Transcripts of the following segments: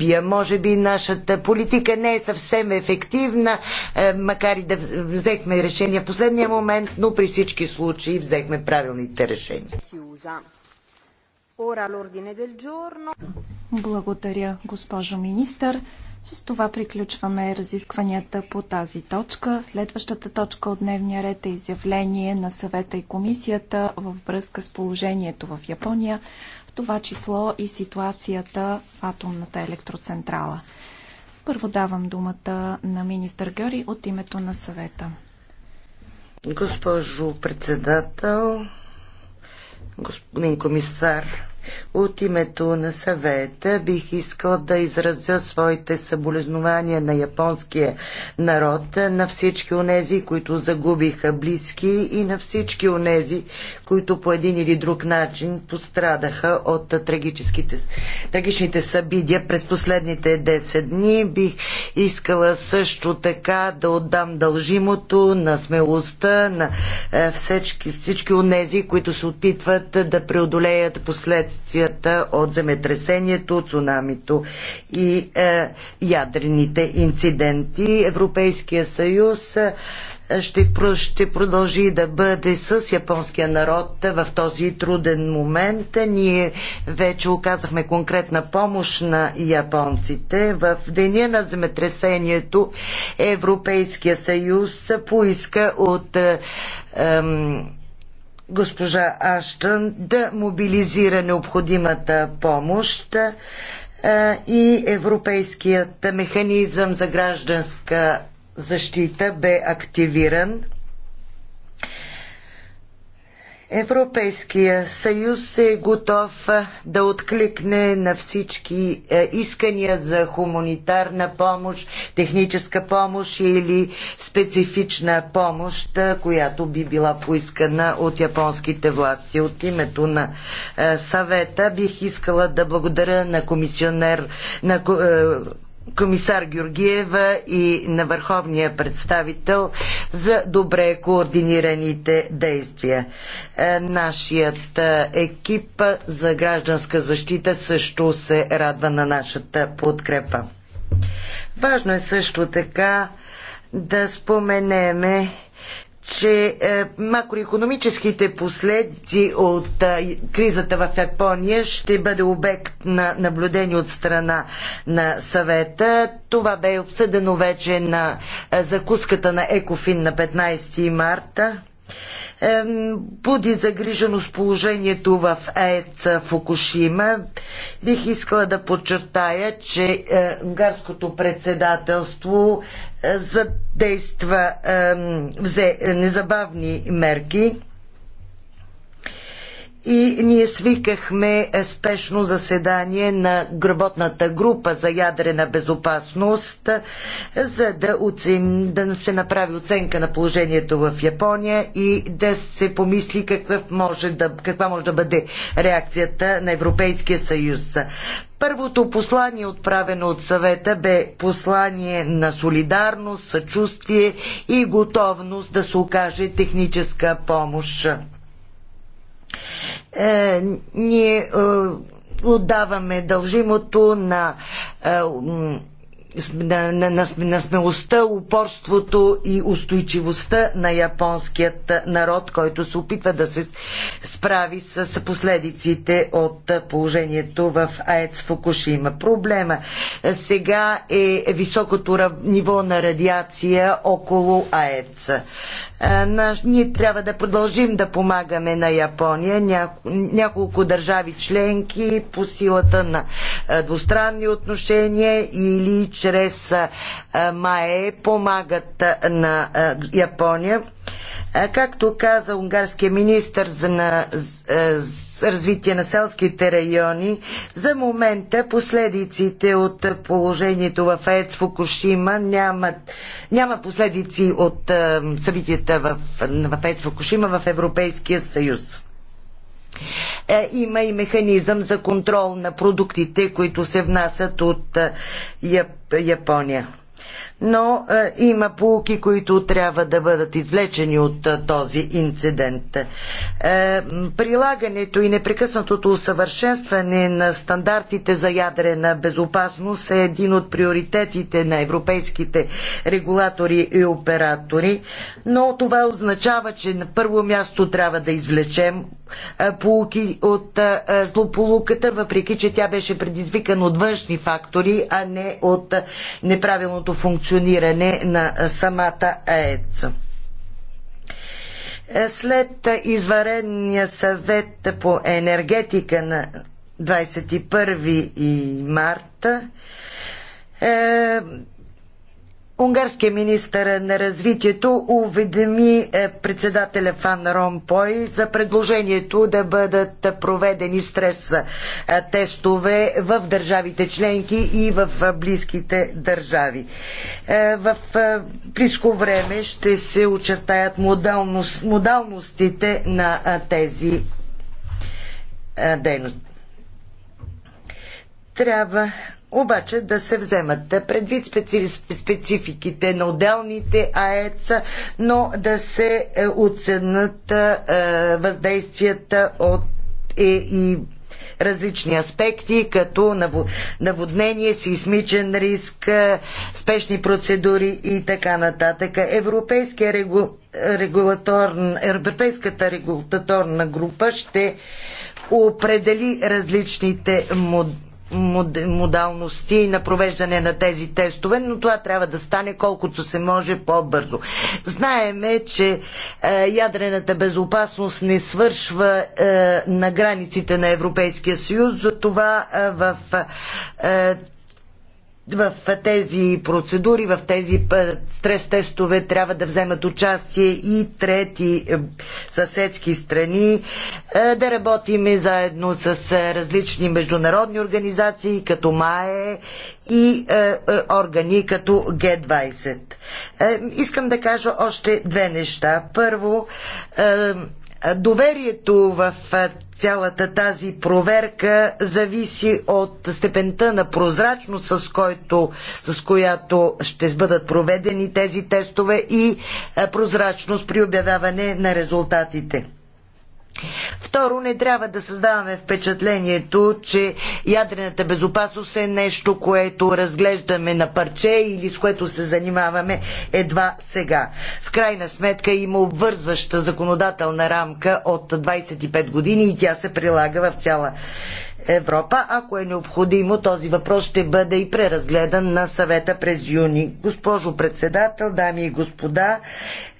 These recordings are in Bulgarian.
Сърбия. Може би нашата политика не е съвсем ефективна, е, макар и да взехме решение в последния момент, но при всички случаи взехме правилните решения. Благодаря, госпожо министър. С това приключваме разискванията по тази точка. Следващата точка от дневния ред е изявление на съвета и комисията във връзка с положението в Япония това число и ситуацията в атомната електроцентрала. Първо давам думата на министър Гьори от името на съвета. Госпожо председател, господин комисар, от името на съвета бих искал да изразя своите съболезнования на японския народ, на всички онези, които загубиха близки и на всички онези, които по един или друг начин пострадаха от трагическите, трагичните събития през последните 10 дни. Бих искала също така да отдам дължимото на смелостта на е, всички, всички онези, които се опитват да преодолеят последствията последствията от земетресението, цунамито и е, ядрените инциденти. Европейския съюз е, ще, ще продължи да бъде с японския народ в този труден момент. Ние вече оказахме конкретна помощ на японците. В деня на земетресението Европейския съюз поиска от е, госпожа Аштън да мобилизира необходимата помощ и Европейският механизъм за гражданска защита бе активиран Европейския съюз е готов да откликне на всички искания за хуманитарна помощ, техническа помощ или специфична помощ, която би била поискана от японските власти. От името на съвета бих искала да благодаря на комисионер на комисар Георгиева и на върховния представител за добре координираните действия. Е, нашият е, екип за гражданска защита също се радва на нашата подкрепа. Важно е също така да споменеме че е, макроекономическите последици от е, кризата в Япония ще бъде обект на наблюдение от страна на съвета. Това бе обсъдено вече на е, закуската на Екофин на 15 марта буди загриженост положението в ЕЦ Фукушима. Бих искала да подчертая, че е, унгарското председателство е, задейства, взе незабавни мерки и ние свикахме е, спешно заседание на работната група за ядрена безопасност, е, за да, оцен... да се направи оценка на положението в Япония и да се помисли какъв може да... каква може да бъде реакцията на Европейския съюз. Първото послание, отправено от съвета, бе послание на солидарност, съчувствие и готовност да се окаже техническа помощ. Е, ние е, отдаваме дължимото на е, на, на, на, на смелостта, упорството и устойчивостта на японският народ, който се опитва да се справи с последиците от положението в АЕЦ Фукушима. Проблема сега е високото ниво на радиация около АЕЦ. Ние трябва да продължим да помагаме на Япония, няколко държави членки по силата на двустранни отношения или чрез МАЕ помагат на Япония. Както каза унгарския министр на развитие на селските райони, за момента последиците от положението в ЕЦ Фукушима няма, няма последици от събитията в, в ЕЦ Фукушима в Европейския съюз. Е, има и механизъм за контрол на продуктите, които се внасят от е, Япония но е, има полуки, които трябва да бъдат извлечени от е, този инцидент. Е, прилагането и непрекъснатото усъвършенстване на стандартите за ядрена безопасност е един от приоритетите на европейските регулатори и оператори, но това означава, че на първо място трябва да извлечем полуки от злополуката, въпреки че тя беше предизвикана от външни фактори, а не от неправилното функциониране функциониране на самата АЕЦ. Е, след изварения съвет по енергетика на 21 марта е, Унгарският министър на развитието уведоми е, председателя Фан Ромпой за предложението да бъдат проведени стрес е, тестове в държавите членки и в е, близките държави. В близко време ще се очертаят модалностите на тези дейности. Трябва обаче да се вземат предвид специ... спецификите на отделните АЕЦ, но да се е, оценят е, въздействията от е, и различни аспекти, като наводнение, сейсмичен риск, спешни процедури и така нататък. Европейския регу... регулаторн... Европейската регулаторна група ще определи различните модели модалности на провеждане на тези тестове, но това трябва да стане колкото се може по-бързо. Знаеме, че е, ядрената безопасност не свършва е, на границите на Европейския съюз, затова е, в в тези процедури, в тези е, стрес тестове трябва да вземат участие и трети е, съседски страни, е, да работим заедно с различни международни организации, като МАЕ и органи като Г20. Искам да кажа още две неща. Първо, Доверието в цялата тази проверка зависи от степента на прозрачност, с, който, с която ще бъдат проведени тези тестове и прозрачност при обявяване на резултатите. Второ, не трябва да създаваме впечатлението, че ядрената безопасност е нещо, което разглеждаме на парче или с което се занимаваме едва сега. В крайна сметка има обвързваща законодателна рамка от 25 години и тя се прилага в цяла Европа. Ако е необходимо, този въпрос ще бъде и преразгледан на съвета през юни. Госпожо председател, дами и господа,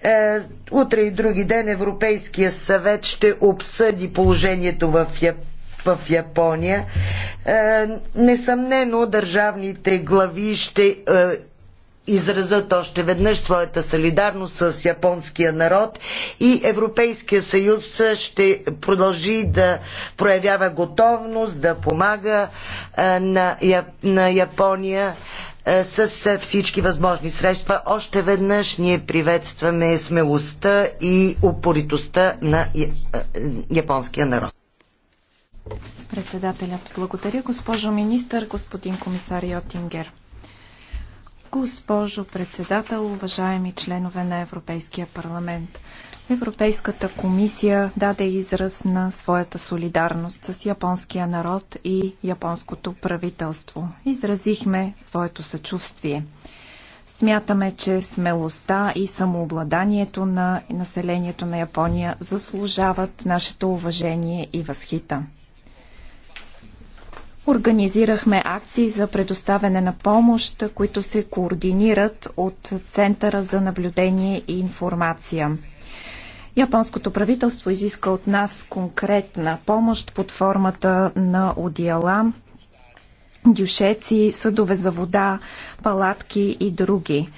е, утре и други ден Европейския съвет ще обсъди положението в Япония в Япония. Е, несъмнено държавните глави ще е, изразят още веднъж своята солидарност с японския народ и Европейския съюз ще продължи да проявява готовност да помага на, на Япония с всички възможни средства. Още веднъж ние приветстваме смелостта и упоритостта на японския народ. Председателят благодаря, госпожо министър, господин комисар Йотингер. Госпожо председател, уважаеми членове на Европейския парламент, Европейската комисия даде израз на своята солидарност с японския народ и японското правителство. Изразихме своето съчувствие. Смятаме, че смелостта и самообладанието на населението на Япония заслужават нашето уважение и възхита. Организирахме акции за предоставяне на помощ, които се координират от Центъра за наблюдение и информация. Японското правителство изиска от нас конкретна помощ под формата на одиала дюшеци, съдове за вода, палатки и други.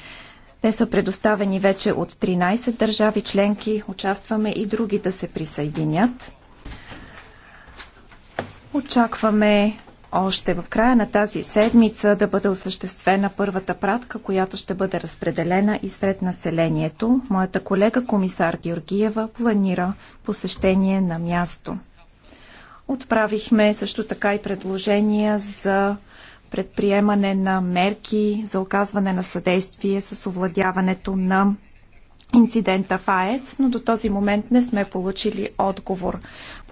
Те са предоставени вече от 13 държави членки. Участваме и други да се присъединят. Очакваме още в края на тази седмица да бъде осъществена първата пратка, която ще бъде разпределена и сред населението. Моята колега комисар Георгиева планира посещение на място. Отправихме също така и предложения за предприемане на мерки за оказване на съдействие с овладяването на инцидента в АЕЦ, но до този момент не сме получили отговор.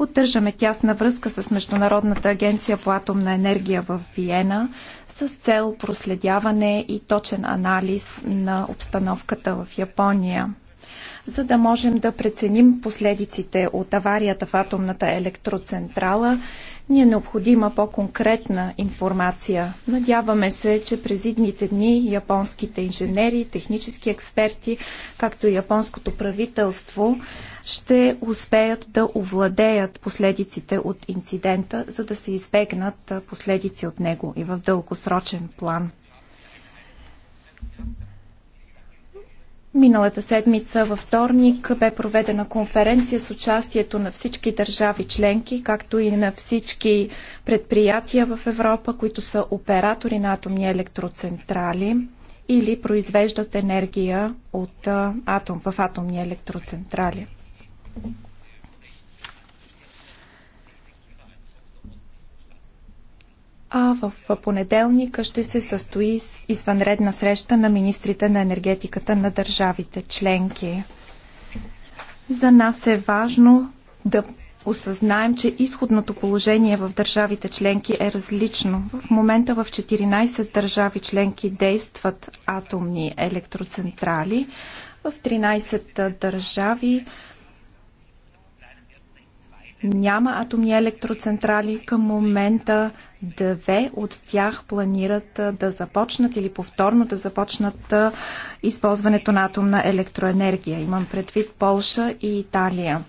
Поддържаме тясна връзка с Международната агенция по атомна енергия в Виена с цел проследяване и точен анализ на обстановката в Япония за да можем да преценим последиците от аварията в атомната електроцентрала ни е необходима по-конкретна информация. Надяваме се, че през идните дни японските инженери, технически експерти, както и японското правителство ще успеят да овладеят последиците от инцидента, за да се избегнат последици от него и в дългосрочен план. Миналата седмица във вторник бе проведена конференция с участието на всички държави членки, както и на всички предприятия в Европа, които са оператори на атомни електроцентрали или произвеждат енергия от атом в атомни електроцентрали. а в понеделник ще се състои извънредна среща на министрите на енергетиката на държавите членки. За нас е важно да осъзнаем, че изходното положение в държавите членки е различно. В момента в 14 държави членки действат атомни електроцентрали, в 13 държави няма атомни електроцентрали. Към момента две от тях планират да започнат или повторно да започнат използването на атомна електроенергия. Имам предвид Полша и Италия.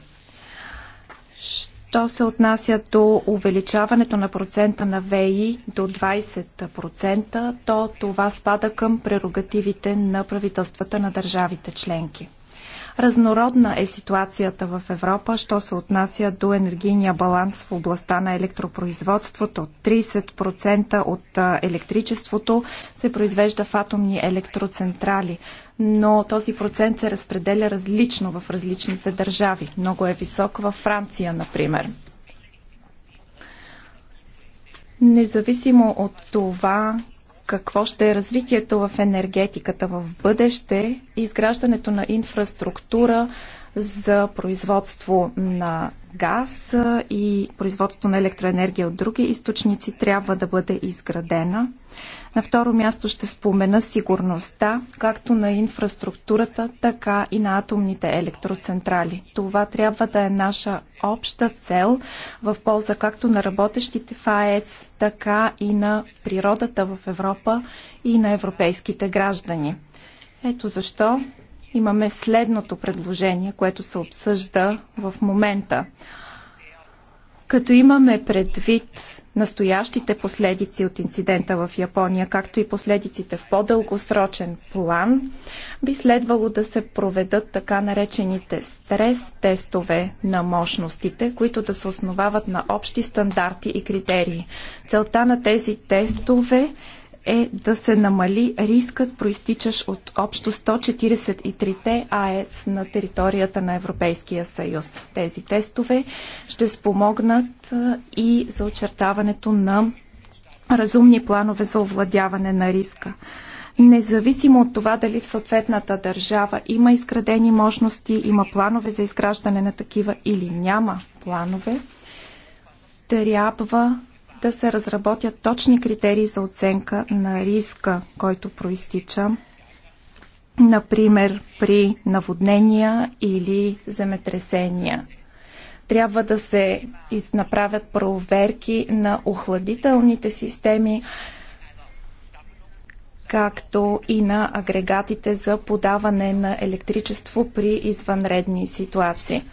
Що се отнася до увеличаването на процента на ВИ до 20%, то това спада към прерогативите на правителствата на държавите членки. Разнородна е ситуацията в Европа, що се отнася до енергийния баланс в областта на електропроизводството. 30% от електричеството се произвежда в атомни електроцентрали, но този процент се разпределя различно в различните държави. Много е висок във Франция, например. Независимо от това какво ще е развитието в енергетиката в бъдеще, изграждането на инфраструктура за производство на газ и производство на електроенергия от други източници трябва да бъде изградена. На второ място ще спомена сигурността, както на инфраструктурата, така и на атомните електроцентрали. Това трябва да е наша обща цел в полза както на работещите в АЕЦ, така и на природата в Европа и на европейските граждани. Ето защо имаме следното предложение, което се обсъжда в момента. Като имаме предвид настоящите последици от инцидента в Япония, както и последиците в по-дългосрочен план, би следвало да се проведат така наречените стрес тестове на мощностите, които да се основават на общи стандарти и критерии. Целта на тези тестове е да се намали рискът, проистичащ от общо 143-те АЕЦ на територията на Европейския съюз. Тези тестове ще спомогнат и за очертаването на разумни планове за овладяване на риска. Независимо от това дали в съответната държава има изградени мощности, има планове за изграждане на такива или няма планове, трябва да се разработят точни критерии за оценка на риска, който проистича, например при наводнения или земетресения. Трябва да се направят проверки на охладителните системи, както и на агрегатите за подаване на електричество при извънредни ситуации.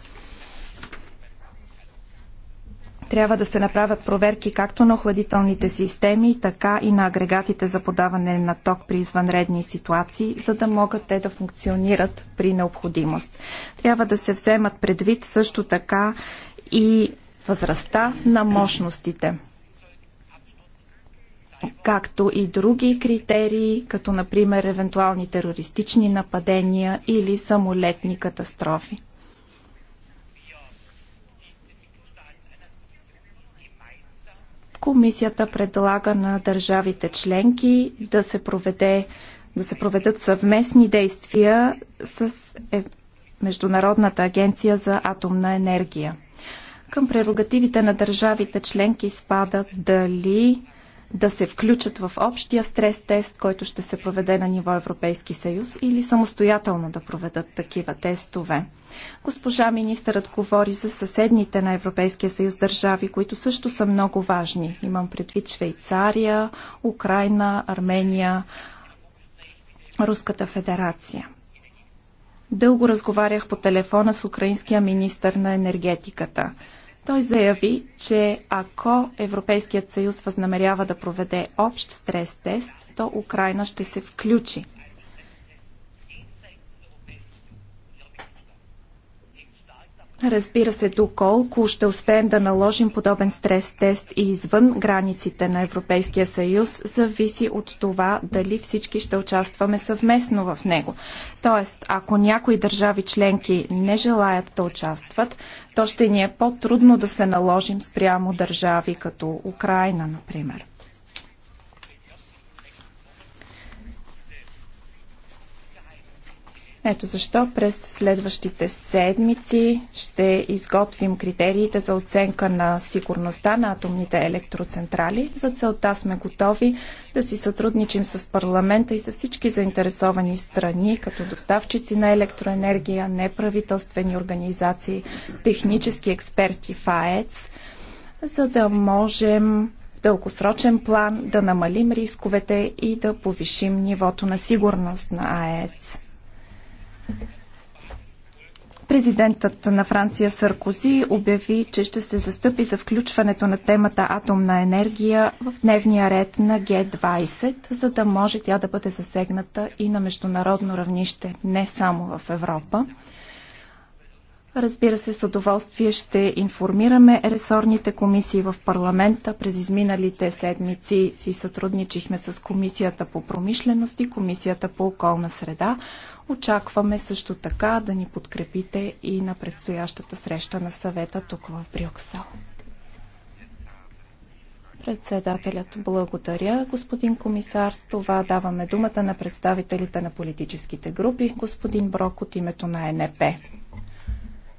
Трябва да се направят проверки както на охладителните системи, така и на агрегатите за подаване на ток при извънредни ситуации, за да могат те да функционират при необходимост. Трябва да се вземат предвид също така и възрастта на мощностите както и други критерии, като например евентуални терористични нападения или самолетни катастрофи. Комисията предлага на държавите членки да се, проведе, да се проведат съвместни действия с е, Международната агенция за атомна енергия. Към прерогативите на държавите членки спадат дали да се включат в общия стрес тест, който ще се проведе на ниво Европейски съюз или самостоятелно да проведат такива тестове. Госпожа министърът говори за съседните на Европейския съюз държави, които също са много важни. Имам предвид Швейцария, Украина, Армения, Руската федерация. Дълго разговарях по телефона с украинския министър на енергетиката – той заяви, че ако Европейският съюз възнамерява да проведе общ стрес тест, то Украина ще се включи Разбира се, доколко ще успеем да наложим подобен стрес тест и извън границите на Европейския съюз, зависи от това дали всички ще участваме съвместно в него. Тоест, ако някои държави членки не желаят да участват, то ще ни е по-трудно да се наложим спрямо държави като Украина, например. Ето защо през следващите седмици ще изготвим критериите за оценка на сигурността на атомните електроцентрали. За целта сме готови да си сътрудничим с парламента и с всички заинтересовани страни, като доставчици на електроенергия, неправителствени организации, технически експерти в АЕЦ, за да можем дългосрочен план да намалим рисковете и да повишим нивото на сигурност на АЕЦ. Президентът на Франция Саркози обяви, че ще се застъпи за включването на темата атомна енергия в дневния ред на Г-20, за да може тя да бъде засегната и на международно равнище, не само в Европа. Разбира се, с удоволствие ще информираме ресорните комисии в парламента. През изминалите седмици си сътрудничихме с Комисията по промишленост и Комисията по околна среда. Очакваме също така да ни подкрепите и на предстоящата среща на съвета тук в Брюксел. Председателят благодаря, господин комисар. С това даваме думата на представителите на политическите групи. Господин Брок от името на НП.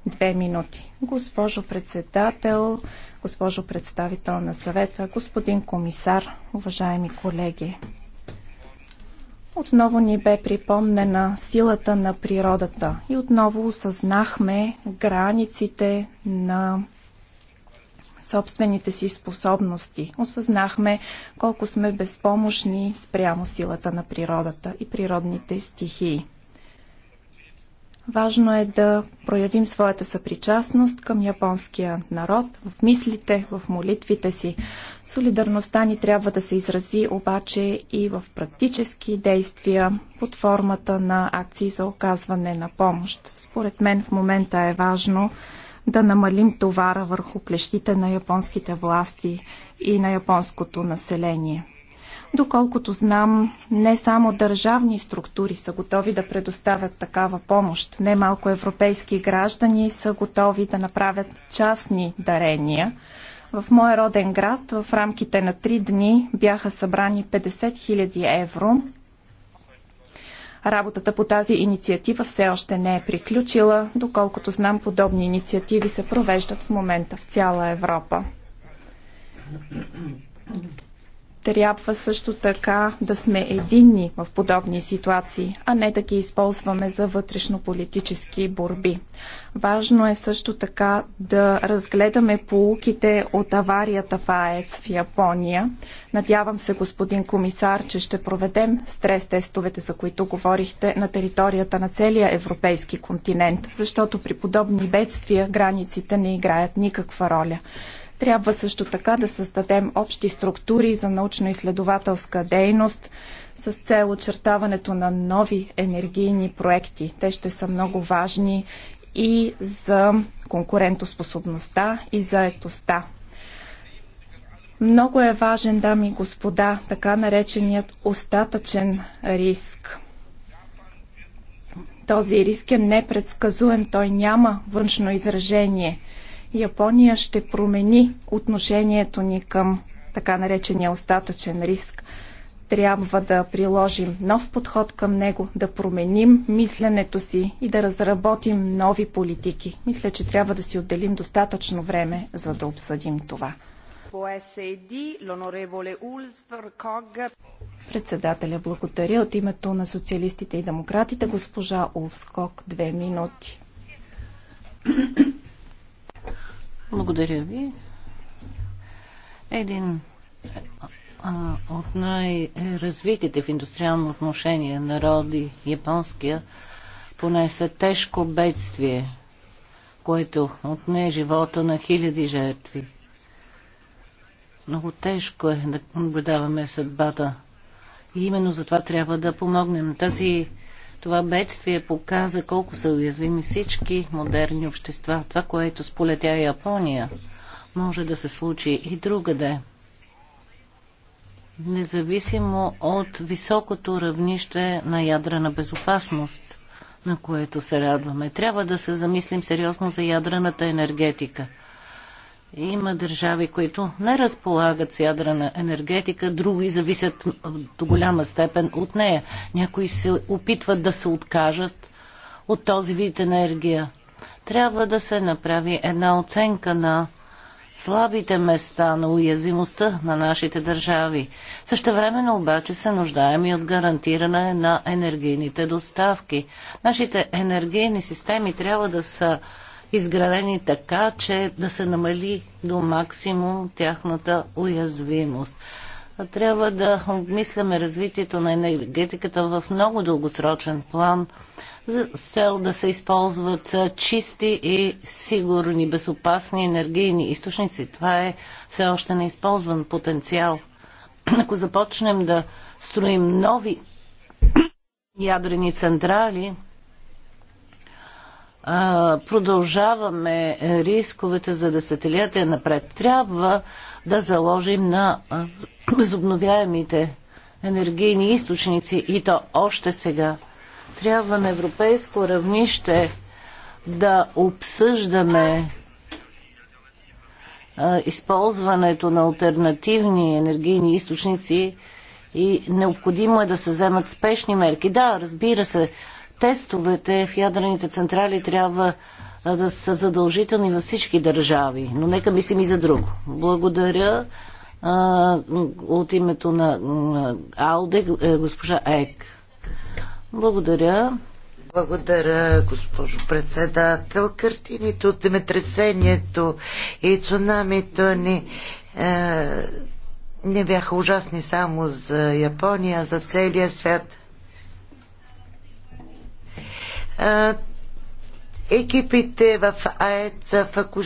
Две минути. Госпожо председател, госпожо представител на съвета, господин комисар, уважаеми колеги. Отново ни бе припомнена силата на природата и отново осъзнахме границите на собствените си способности. Осъзнахме колко сме безпомощни спрямо силата на природата и природните стихии. Важно е да проявим своята съпричастност към японския народ в мислите, в молитвите си. Солидарността ни трябва да се изрази обаче и в практически действия под формата на акции за оказване на помощ. Според мен в момента е важно да намалим товара върху плещите на японските власти и на японското население. Доколкото знам, не само държавни структури са готови да предоставят такава помощ. Немалко европейски граждани са готови да направят частни дарения. В моя роден град в рамките на три дни бяха събрани 50 000 евро. Работата по тази инициатива все още не е приключила. Доколкото знам, подобни инициативи се провеждат в момента в цяла Европа. Трябва също така да сме единни в подобни ситуации, а не да ги използваме за вътрешно-политически борби. Важно е също така да разгледаме полуките от аварията в АЕЦ в Япония. Надявам се, господин комисар, че ще проведем стрес-тестовете, за които говорихте, на територията на целия европейски континент, защото при подобни бедствия границите не играят никаква роля. Трябва също така да създадем общи структури за научно-изследователска дейност с цел очертаването на нови енергийни проекти. Те ще са много важни и за конкурентоспособността и за етостта. Много е важен, дами и господа, така нареченият остатъчен риск. Този риск е непредсказуем, той няма външно изражение – Япония ще промени отношението ни към така наречения остатъчен риск. Трябва да приложим нов подход към него, да променим мисленето си и да разработим нови политики. Мисля, че трябва да си отделим достатъчно време, за да обсъдим това. Председателя благодаря от името на социалистите и демократите госпожа Улскок. Две минути. Благодаря ви. Един а, от най-развитите в индустриално отношение народи, японския, понесе тежко бедствие, което отне живота на хиляди жертви. Много тежко е да наблюдаваме съдбата. И именно за това трябва да помогнем. Тази това бедствие показа колко са уязвими всички модерни общества. Това, което сполетя Япония, може да се случи и другаде. Независимо от високото равнище на ядрена безопасност, на което се радваме, трябва да се замислим сериозно за ядрената енергетика – има държави, които не разполагат с ядрена енергетика, други зависят до голяма степен от нея. Някои се опитват да се откажат от този вид енергия. Трябва да се направи една оценка на слабите места на уязвимостта на нашите държави. времено обаче се нуждаем и от гарантиране на енергийните доставки. Нашите енергийни системи трябва да са изградени така, че да се намали до максимум тяхната уязвимост. Трябва да обмисляме развитието на енергетиката в много дългосрочен план с цел да се използват чисти и сигурни, безопасни енергийни източници. Това е все още неизползван потенциал. Ако започнем да строим нови ядрени централи, продължаваме е, рисковете за десетилетия напред. Трябва да заложим на възобновяемите енергийни източници и то още сега. Трябва на европейско равнище да обсъждаме използването на альтернативни енергийни източници и необходимо е да се вземат спешни мерки. Да, разбира се, тестовете в ядрените централи трябва да са задължителни във всички държави. Но нека мислим и за друго. Благодаря а, от името на Алде, е, госпожа Ек. Благодаря. Благодаря, госпожо председател. Картините от земетресението и цунамито ни е, не бяха ужасни само за Япония, а за целия свят – Екипите в АЕЦ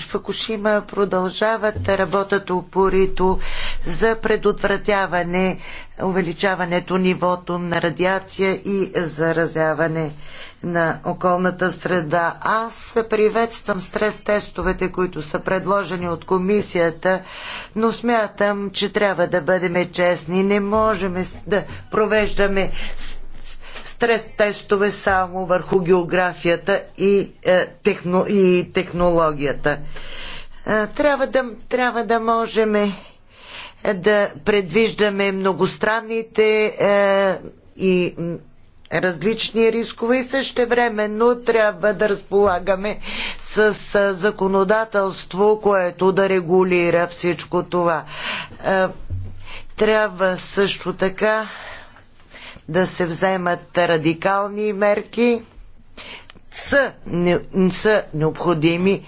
Факушима продължават да работят упорито за предотвратяване увеличаването нивото на радиация и заразяване на околната среда. Аз приветствам стрес-тестовете, които са предложени от комисията, но смятам, че трябва да бъдем честни. Не можем да провеждаме стрес тестове само върху географията и, е, техно, и технологията. Е, трябва, да, трябва да можем е, да предвиждаме многостранните е, и различни рискове и същевременно трябва да разполагаме с, с е, законодателство, което да регулира всичко това. Е, трябва също така да се вземат радикални мерки са, не, са необходими,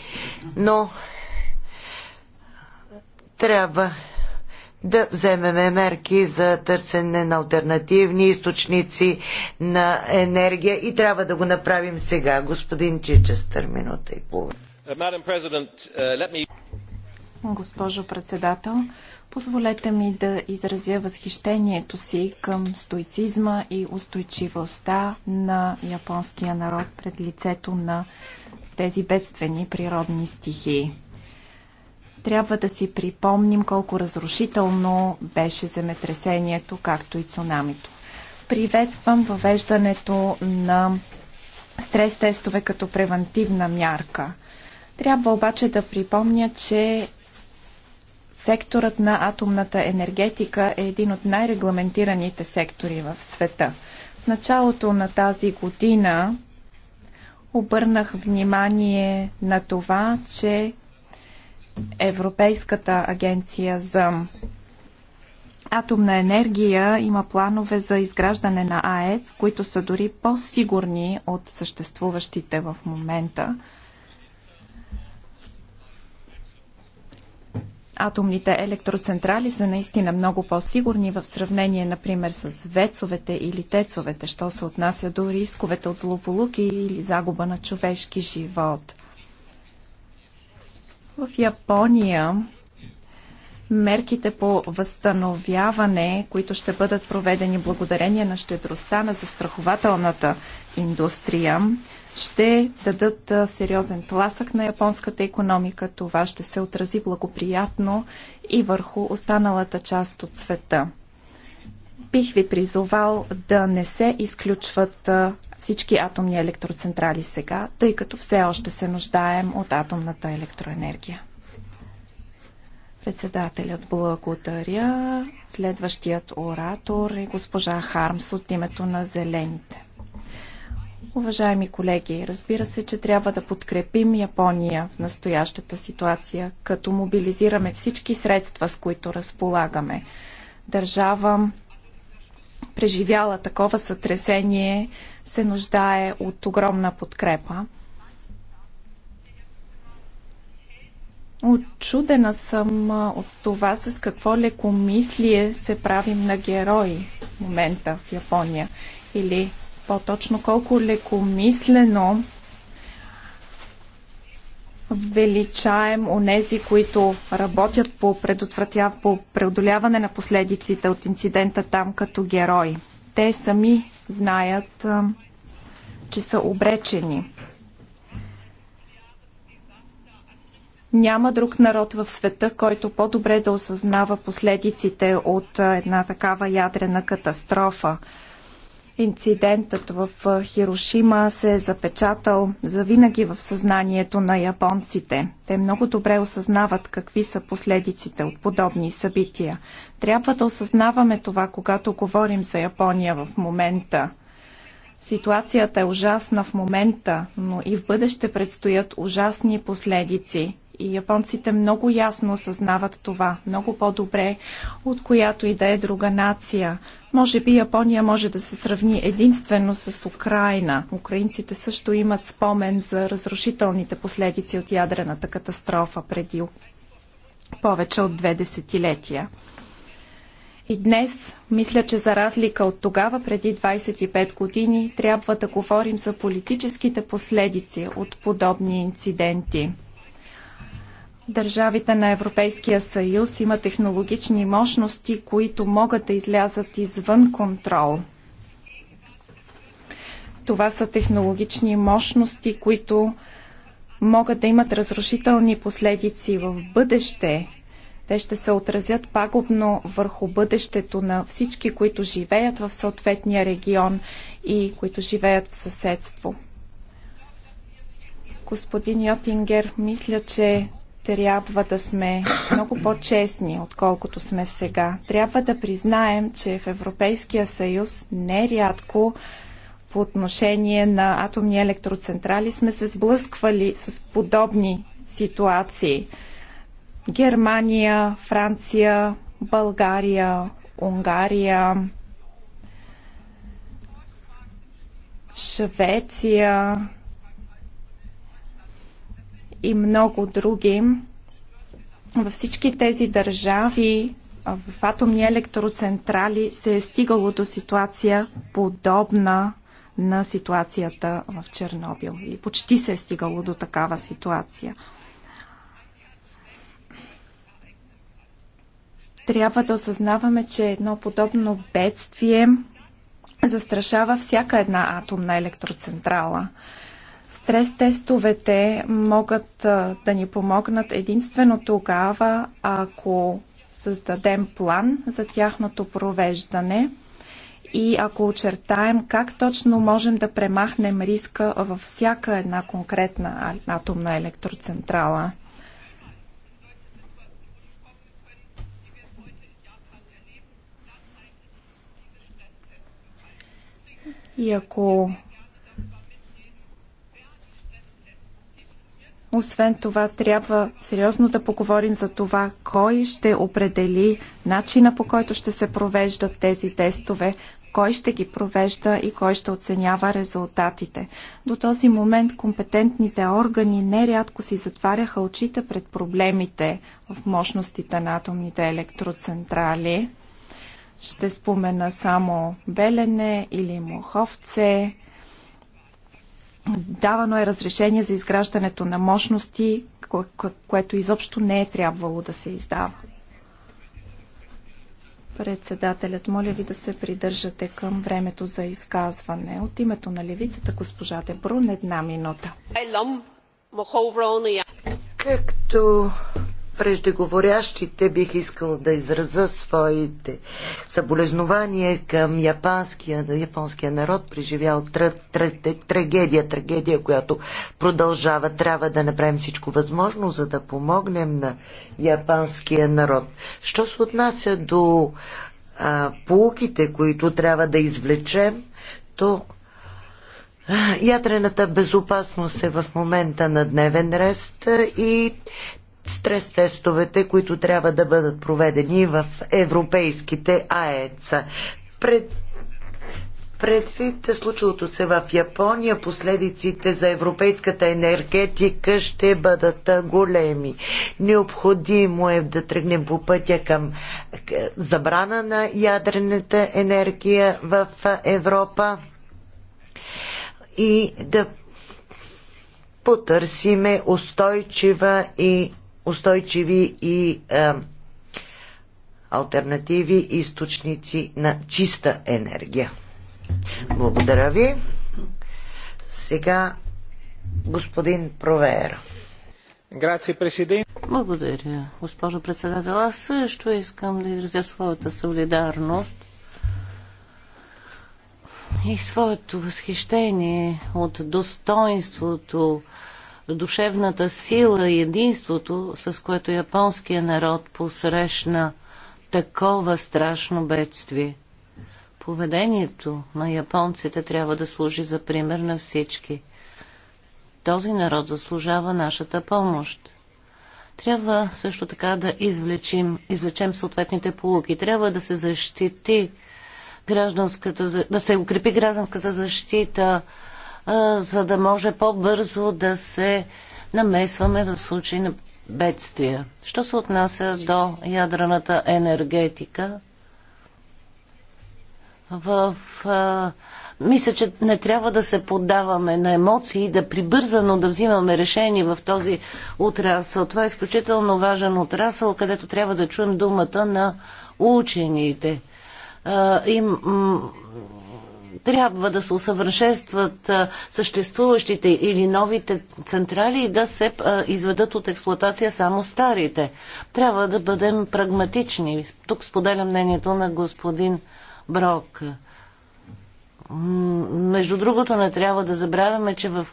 но трябва да вземеме мерки за търсене на альтернативни източници на енергия и трябва да го направим сега. Господин Чичестър, минута и половина. Госпожо председател, позволете ми да изразя възхищението си към стоицизма и устойчивостта на японския народ пред лицето на тези бедствени природни стихии. Трябва да си припомним колко разрушително беше земетресението, както и цунамито. Приветствам въвеждането на стрес-тестове като превентивна мярка – трябва обаче да припомня, че Секторът на атомната енергетика е един от най-регламентираните сектори в света. В началото на тази година обърнах внимание на това, че Европейската агенция за атомна енергия има планове за изграждане на АЕЦ, които са дори по-сигурни от съществуващите в момента. атомните електроцентрали са наистина много по-сигурни в сравнение, например, с вецовете или тецовете, що се отнася до рисковете от злополуки или загуба на човешки живот. В Япония мерките по възстановяване, които ще бъдат проведени благодарение на щедростта на застрахователната индустрия, ще дадат сериозен тласък на японската економика. Това ще се отрази благоприятно и върху останалата част от света. Бих ви призовал да не се изключват всички атомни електроцентрали сега, тъй като все още се нуждаем от атомната електроенергия. Председателят благодаря. Следващият оратор е госпожа Хармс от името на Зелените. Уважаеми колеги, разбира се, че трябва да подкрепим Япония в настоящата ситуация, като мобилизираме всички средства, с които разполагаме. Държава, преживяла такова сътресение, се нуждае от огромна подкрепа. Очудена съм от това с какво лекомислие се правим на герои в момента в Япония. Или по-точно колко лекомислено величаем онези, които работят по, по преодоляване на последиците от инцидента там като герои. Те сами знаят, че са обречени Няма друг народ в света, който по-добре да осъзнава последиците от една такава ядрена катастрофа. Инцидентът в Хирошима се е запечатал завинаги в съзнанието на японците. Те много добре осъзнават какви са последиците от подобни събития. Трябва да осъзнаваме това, когато говорим за Япония в момента. Ситуацията е ужасна в момента, но и в бъдеще предстоят ужасни последици. И японците много ясно осъзнават това, много по-добре от която и да е друга нация. Може би Япония може да се сравни единствено с Украина. Украинците също имат спомен за разрушителните последици от ядрената катастрофа преди повече от две десетилетия. И днес, мисля, че за разлика от тогава, преди 25 години, трябва да говорим за политическите последици от подобни инциденти. Държавите на Европейския съюз има технологични мощности, които могат да излязат извън контрол. Това са технологични мощности, които могат да имат разрушителни последици в бъдеще. Те ще се отразят пагубно върху бъдещето на всички, които живеят в съответния регион и които живеят в съседство. Господин Йотингер, мисля, че трябва да сме много по-честни, отколкото сме сега. Трябва да признаем, че в Европейския съюз нерядко по отношение на атомни електроцентрали сме се сблъсквали с подобни ситуации. Германия, Франция, България, Унгария, Швеция, и много други. Във всички тези държави в атомни електроцентрали се е стигало до ситуация подобна на ситуацията в Чернобил. И почти се е стигало до такава ситуация. Трябва да осъзнаваме, че едно подобно бедствие застрашава всяка една атомна електроцентрала. Стрес-тестовете могат да ни помогнат единствено тогава, ако създадем план за тяхното провеждане и ако очертаем как точно можем да премахнем риска във всяка една конкретна атомна електроцентрала. И ако Освен това, трябва сериозно да поговорим за това, кой ще определи начина по който ще се провеждат тези тестове, кой ще ги провежда и кой ще оценява резултатите. До този момент компетентните органи нерядко си затваряха очите пред проблемите в мощностите на атомните електроцентрали. Ще спомена само Белене или Моховце, Давано е разрешение за изграждането на мощности, което изобщо не е трябвало да се издава. Председателят, моля ви да се придържате към времето за изказване. От името на левицата, госпожа Дебрун, една минута. Както преждеговорящите бих искал да израза своите съболезнования към японския, японския народ, преживял тр, тр, тр, трагедия, трагедия, която продължава. Трябва да направим всичко възможно, за да помогнем на японския народ. Що се отнася до а, полуките, които трябва да извлечем, то Ядрената безопасност е в момента на дневен рест и стрес тестовете, които трябва да бъдат проведени в европейските АЕЦ. Пред Предвид случилото се в Япония, последиците за европейската енергетика ще бъдат големи. Необходимо е да тръгнем по пътя към забрана на ядрената енергия в Европа и да потърсиме устойчива и устойчиви и а, е, альтернативи източници на чиста енергия. Благодаря ви. Сега господин Провеер. Благодаря, госпожо председател. Аз също искам да изразя своята солидарност и своето възхищение от достоинството, душевната сила и единството, с което японският народ посрещна такова страшно бедствие. Поведението на японците трябва да служи за пример на всички. Този народ заслужава нашата помощ. Трябва също така да извлечим, извлечем съответните полуки. Трябва да се защити гражданската, да се укрепи гражданската защита за да може по-бързо да се намесваме в случай на бедствия. Що се отнася до ядрената енергетика, в а, мисля, че не трябва да се поддаваме на емоции, и да прибързано да взимаме решение в този отрасъл. Това е изключително важен отрасъл, където трябва да чуем думата на учените. А, им, трябва да се усъвършенстват съществуващите или новите централи и да се изведат от експлуатация само старите. Трябва да бъдем прагматични. Тук споделя мнението на господин Брок. Между другото, не трябва да забравяме, че в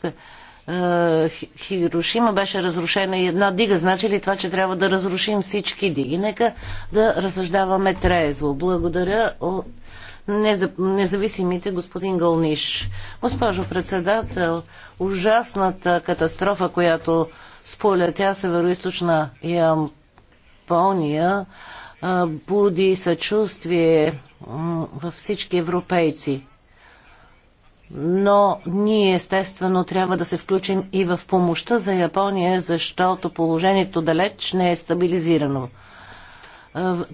Хирошима беше разрушена и една дига. Значи ли това, че трябва да разрушим всички диги? Нека да разсъждаваме трезво. Благодаря независимите господин Гълниш. Госпожо председател, ужасната катастрофа, която сполетя Североизточна Япония, буди съчувствие във всички европейци. Но ние естествено трябва да се включим и в помощта за Япония, защото положението далеч не е стабилизирано.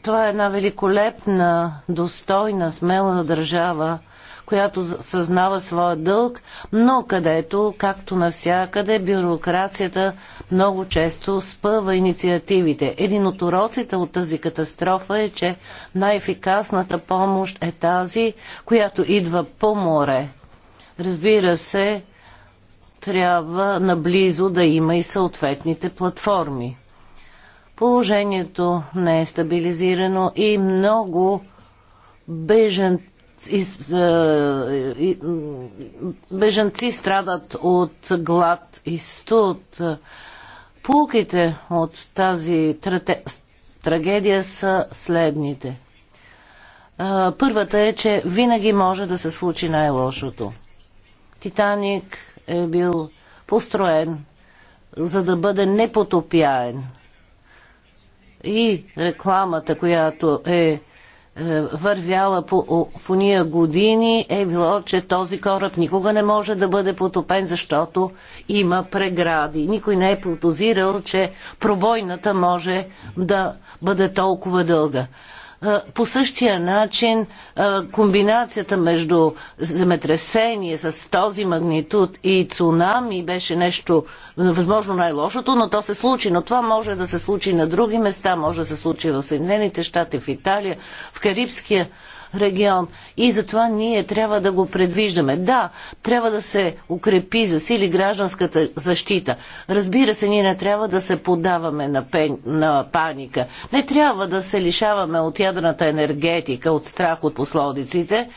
Това е една великолепна, достойна, смела държава, която съзнава своя дълг, но където, както навсякъде, бюрокрацията много често спъва инициативите. Един от уроците от тази катастрофа е, че най-ефикасната помощ е тази, която идва по море. Разбира се, трябва наблизо да има и съответните платформи. Положението не е стабилизирано и много беженци е, бежанци страдат от глад и студ. Пулките от тази трагедия са следните. Е, първата е, че винаги може да се случи най-лошото. Титаник е бил построен, за да бъде непотопяен – и рекламата, която е, е вървяла по, в уния години, е било, че този кораб никога не може да бъде потопен, защото има прегради. Никой не е подозирал, че пробойната може да бъде толкова дълга по същия начин комбинацията между земетресение с този магнитуд и цунами беше нещо възможно най-лошото, но то се случи. Но това може да се случи на други места, може да се случи в Съединените щати, в Италия, в Карибския регион. И затова ние трябва да го предвиждаме. Да, трябва да се укрепи, засили гражданската защита. Разбира се, ние не трябва да се подаваме на, пен, на паника. Не трябва да се лишаваме от ядрената енергетика, от страх, от послодиците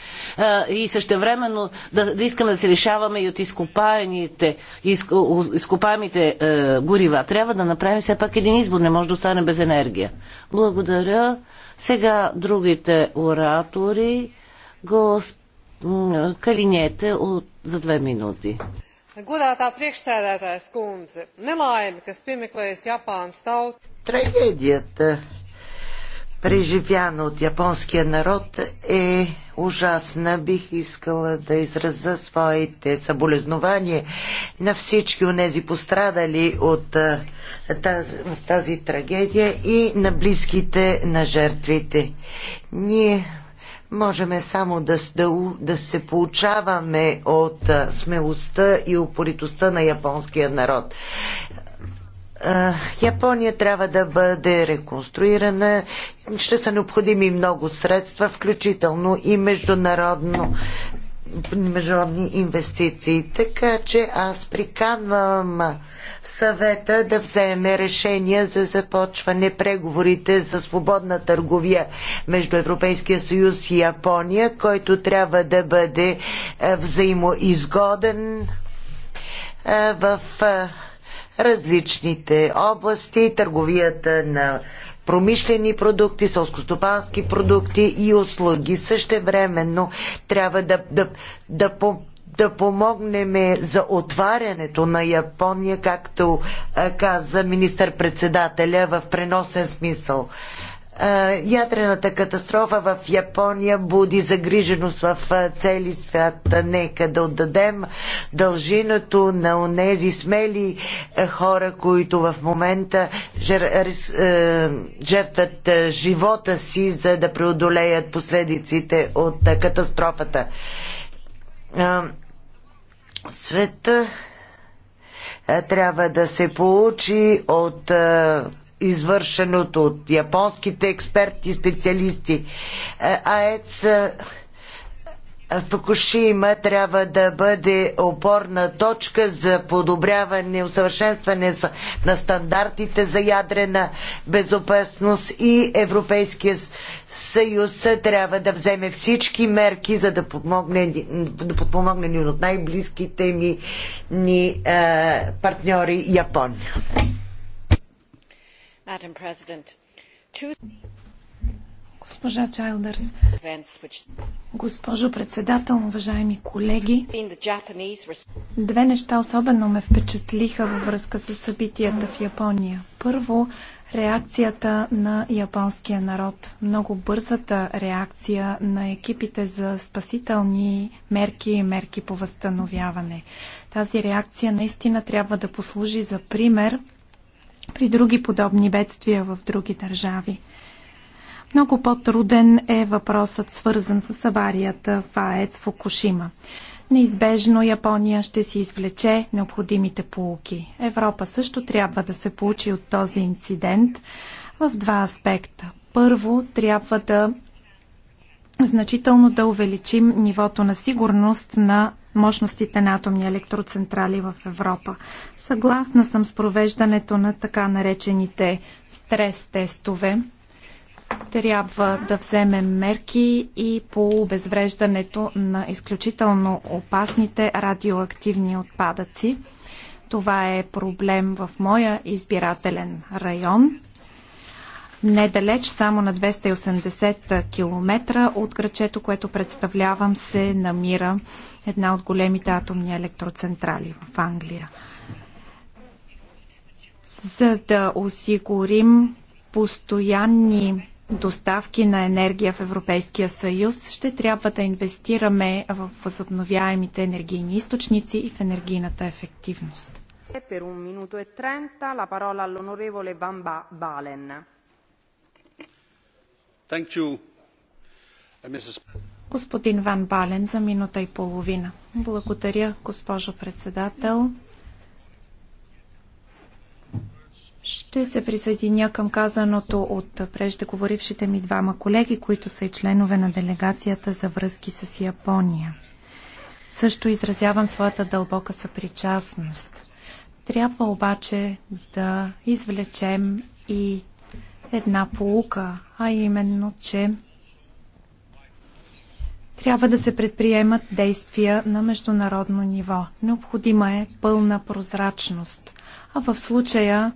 и същевременно да, да искаме да се лишаваме и от изкопаемите, из, изкопаемите е, горива. Трябва да направим все пак един избор. Не може да остане без енергия. Благодаря. Сега другите оратори го калинете за две минути. Годата прешседата е скунце. Нелайм, къс пиме, къс е Япан стал. Трагедията, преживяна от японския народ е ужасна. Бих искала да израза своите съболезнования на всички тези пострадали от тази, тази трагедия и на близките на жертвите. Ние можем само да, да, да се получаваме от смелостта и упоритостта на японския народ. Япония трябва да бъде реконструирана. Ще са необходими много средства, включително и международно международни инвестиции. Така че аз приканвам съвета да вземе решение за започване преговорите за свободна търговия между Европейския съюз и Япония, който трябва да бъде е, взаимоизгоден е, в е, различните области, търговията на промишлени продукти, сълскостопански продукти и услуги. Същевременно трябва да, да, да, по, да помогнем за отварянето на Япония, както каза министър-председателя в преносен смисъл. Ядрената катастрофа в Япония буди загриженост в цели свят. Нека да отдадем дължиното на онези смели хора, които в момента жертват живота си, за да преодолеят последиците от катастрофата. Света трябва да се получи от извършеното от японските експерти, специалисти. Е, АЕЦ е, Фукушима трябва да бъде опорна точка за подобряване, усъвършенстване на стандартите за ядрена безопасност и Европейския съюз трябва да вземе всички мерки, за да подпомогне, да подпомогне ни от най-близките ми ни, е, партньори Япония. Madam President, Госпожа Чайлдърс. Госпожо председател, уважаеми колеги, две неща особено ме впечатлиха във връзка с събитията в Япония. Първо, реакцията на японския народ. Много бързата реакция на екипите за спасителни мерки и мерки по възстановяване. Тази реакция наистина трябва да послужи за пример при други подобни бедствия в други държави. Много по-труден е въпросът, свързан с аварията в АЕЦ Фукушима. Неизбежно Япония ще си извлече необходимите полуки. Европа също трябва да се получи от този инцидент в два аспекта. Първо, трябва да значително да увеличим нивото на сигурност на мощностите на атомни електроцентрали в Европа. Съгласна съм с провеждането на така наречените стрес-тестове. Трябва да вземем мерки и по обезвреждането на изключително опасните радиоактивни отпадъци. Това е проблем в моя избирателен район – Недалеч, само на 280 км от грачето, което представлявам, се намира една от големите атомни електроцентрали в Англия. За да осигурим постоянни доставки на енергия в Европейския съюз, ще трябва да инвестираме в възобновяемите енергийни източници и в енергийната ефективност. Е, per un minuto e trenta la parola all'onorevole Van Balen. Uh, Господин Ван Бален за минута и половина. Благодаря, госпожо председател. Ще се присъединя към казаното от преждеговорившите ми двама колеги, които са и членове на делегацията за връзки с Япония. Също изразявам своята дълбока съпричастност. Трябва обаче да извлечем и една полука, а именно, че трябва да се предприемат действия на международно ниво. Необходима е пълна прозрачност. А в случая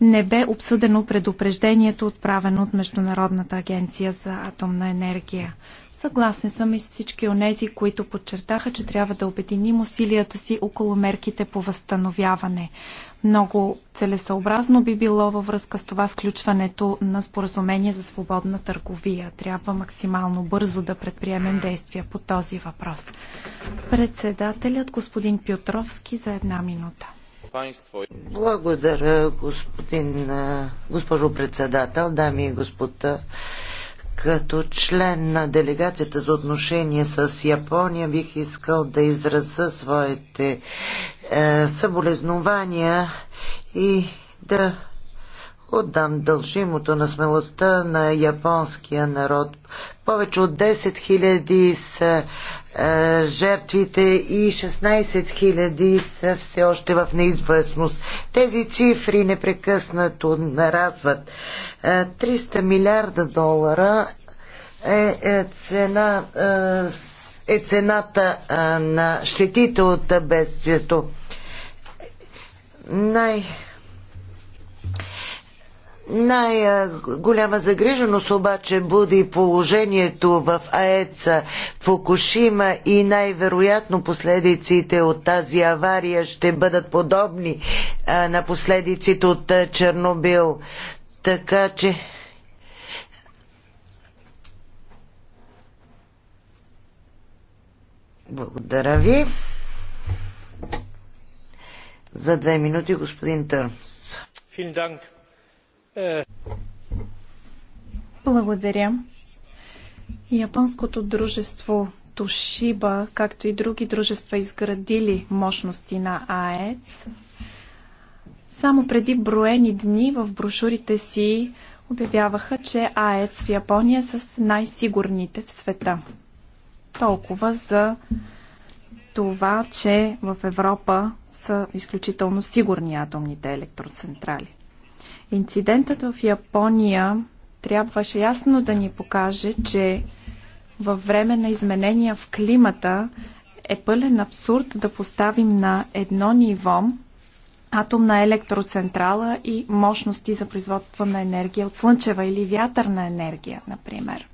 не бе обсъдено предупреждението, отправено от Международната агенция за атомна енергия. Съгласен съм и с всички онези, които подчертаха, че трябва да обединим усилията си около мерките по възстановяване. Много целесъобразно би било във връзка с това сключването на споразумение за свободна търговия. Трябва максимално бързо да предприемем действия по този въпрос. Председателят господин Пютровски за една минута. Благодаря, господин, госпожо председател, дами и господа. Като член на делегацията за отношение с Япония бих искал да израза своите е, съболезнования и да отдам дължимото на смелостта на японския народ. Повече от 10 000 са е, жертвите и 16 000 са все още в неизвестност. Тези цифри непрекъснато наразват. 300 е, милиарда долара е, е цена е цената на щетите от бедствието. Най- най-голяма загриженост обаче буди положението в АЕЦа Фукушима и най-вероятно последиците от тази авария ще бъдат подобни на последиците от Чернобил. Така че. Благодаря ви. За две минути господин Търмс. Благодаря. Японското дружество Тошиба, както и други дружества, изградили мощности на АЕЦ. Само преди броени дни в брошурите си обявяваха, че АЕЦ в Япония са е с най-сигурните в света. Толкова за това, че в Европа са изключително сигурни атомните електроцентрали. Инцидентът в Япония трябваше ясно да ни покаже, че във време на изменения в климата е пълен абсурд да поставим на едно ниво атомна електроцентрала и мощности за производство на енергия от слънчева или вятърна енергия, например.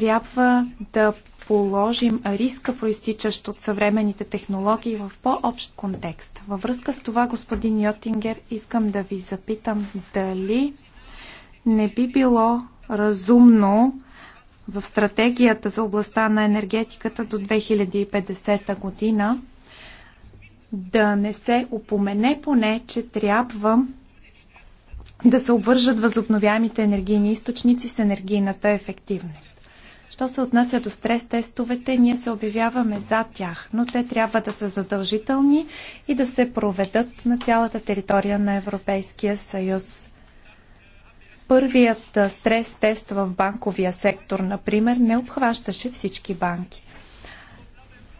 Трябва да положим риска, проистичащ от съвременните технологии в по-общ контекст. Във връзка с това, господин Йотингер, искам да ви запитам дали не би било разумно в стратегията за областта на енергетиката до 2050 година да не се упомене поне, че трябва да се обвържат възобновяемите енергийни източници с енергийната ефективност. Що се отнася до стрес-тестовете, ние се обявяваме за тях, но те трябва да са задължителни и да се проведат на цялата територия на Европейския съюз. Първият стрес-тест в банковия сектор, например, не обхващаше всички банки.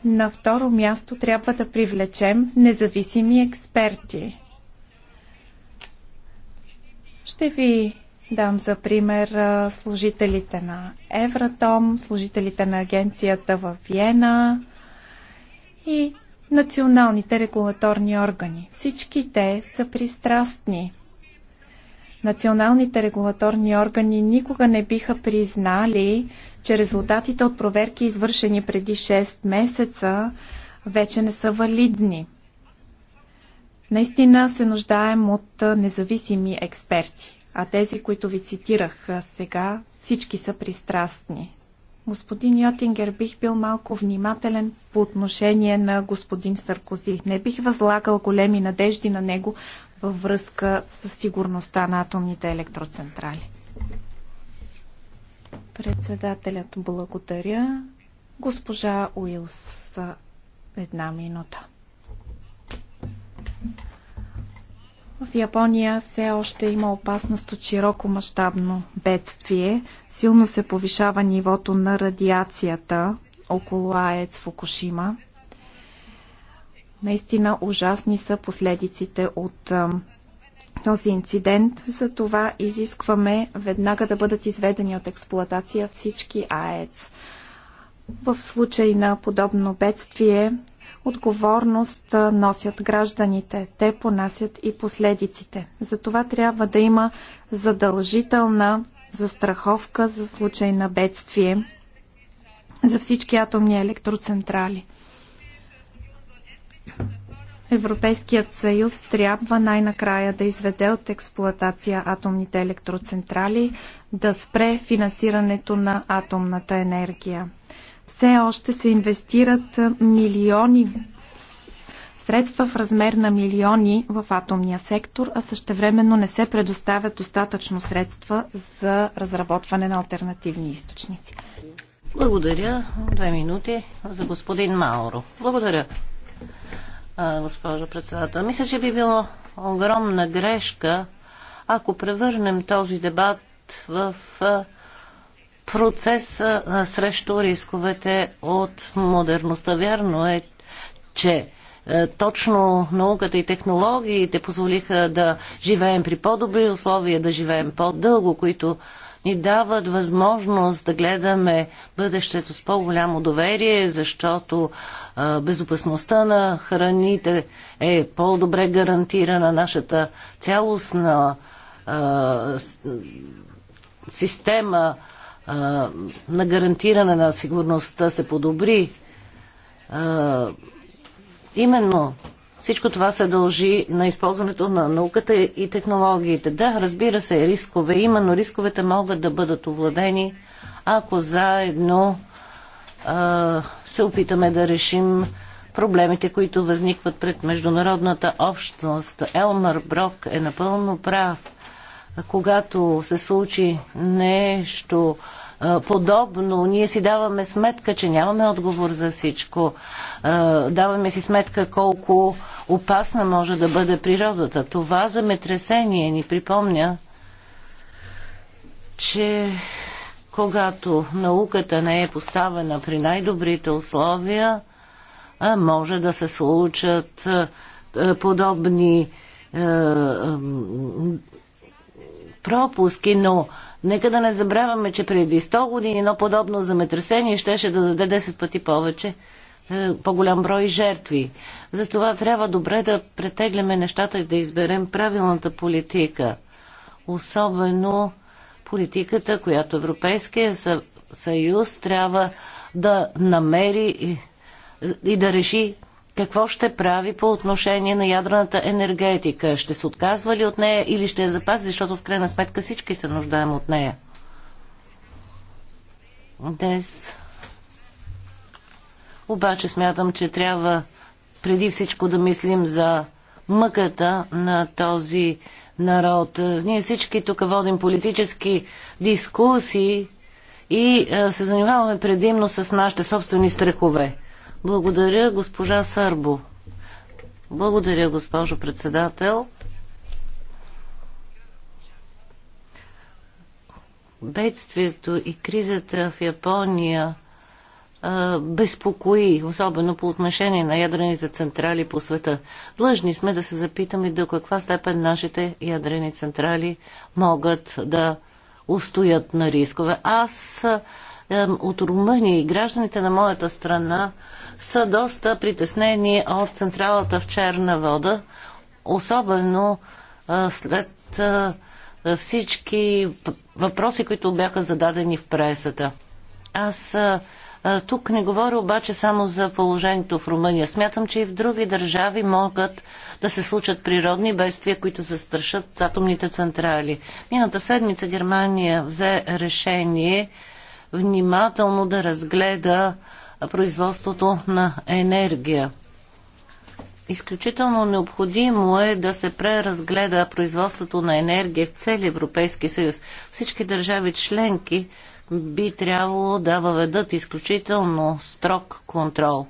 На второ място трябва да привлечем независими експерти. Ще ви Дам за пример служителите на Евратом, служителите на агенцията в Виена и националните регулаторни органи. Всички те са пристрастни. Националните регулаторни органи никога не биха признали, че резултатите от проверки, извършени преди 6 месеца, вече не са валидни. Наистина се нуждаем от независими експерти а тези, които ви цитирах сега, всички са пристрастни. Господин Йотингер, бих бил малко внимателен по отношение на господин Саркози. Не бих възлагал големи надежди на него във връзка с сигурността на атомните електроцентрали. Председателят благодаря. Госпожа Уилс за една минута. В Япония все още има опасност от широко мащабно бедствие. Силно се повишава нивото на радиацията около АЕЦ Фукушима. Наистина ужасни са последиците от този инцидент. За това изискваме веднага да бъдат изведени от експлоатация всички АЕЦ. В случай на подобно бедствие отговорност носят гражданите. Те понасят и последиците. Затова трябва да има задължителна застраховка за случай на бедствие за всички атомни електроцентрали. Европейският съюз трябва най-накрая да изведе от експлоатация атомните електроцентрали, да спре финансирането на атомната енергия все още се инвестират милиони средства в размер на милиони в атомния сектор, а същевременно не се предоставят достатъчно средства за разработване на альтернативни източници. Благодаря. Две минути за господин Мауро. Благодаря, госпожо председател. Мисля, че би било огромна грешка, ако превърнем този дебат в процес а, срещу рисковете от модерността. Вярно е, че е, точно науката и технологиите позволиха да живеем при по-добри условия, да живеем по-дълго, които ни дават възможност да гледаме бъдещето с по-голямо доверие, защото а, безопасността на храните е по-добре гарантирана, нашата цялостна а, система а, на гарантиране на сигурността се подобри. А, именно всичко това се дължи на използването на науката и технологиите. Да, разбира се, рискове има, но рисковете могат да бъдат овладени, ако заедно а, се опитаме да решим проблемите, които възникват пред международната общност. Елмар Брок е напълно прав когато се случи нещо подобно, ние си даваме сметка, че нямаме отговор за всичко. Даваме си сметка колко опасна може да бъде природата. Това земетресение ни припомня, че когато науката не е поставена при най-добрите условия, може да се случат подобни пропуски, но нека да не забравяме, че преди 100 години едно подобно земетресение щеше да даде 10 пъти повече е, по-голям брой жертви. Затова трябва добре да претегляме нещата и да изберем правилната политика. Особено политиката, която Европейския съюз трябва да намери и да реши какво ще прави по отношение на ядрената енергетика? Ще се отказва ли от нея или ще я запази, защото в крайна сметка всички се нуждаем от нея? Днес. Обаче смятам, че трябва преди всичко да мислим за мъката на този народ. Ние всички тук водим политически дискусии и се занимаваме предимно с нашите собствени страхове. Благодаря, госпожа Сърбо. Благодаря, госпожо председател. Бедствието и кризата в Япония а, безпокои, особено по отношение на ядрените централи по света. Длъжни сме да се запитаме до каква степен нашите ядрени централи могат да устоят на рискове. Аз а, от Румъния и гражданите на моята страна са доста притеснени от централата в Черна вода, особено след всички въпроси, които бяха зададени в пресата. Аз тук не говоря обаче само за положението в Румъния. Смятам, че и в други държави могат да се случат природни бедствия, които застрашат атомните централи. Мината седмица Германия взе решение внимателно да разгледа производството на енергия. Изключително необходимо е да се преразгледа производството на енергия в цели Европейски съюз. Всички държави членки би трябвало да въведат изключително строг контрол.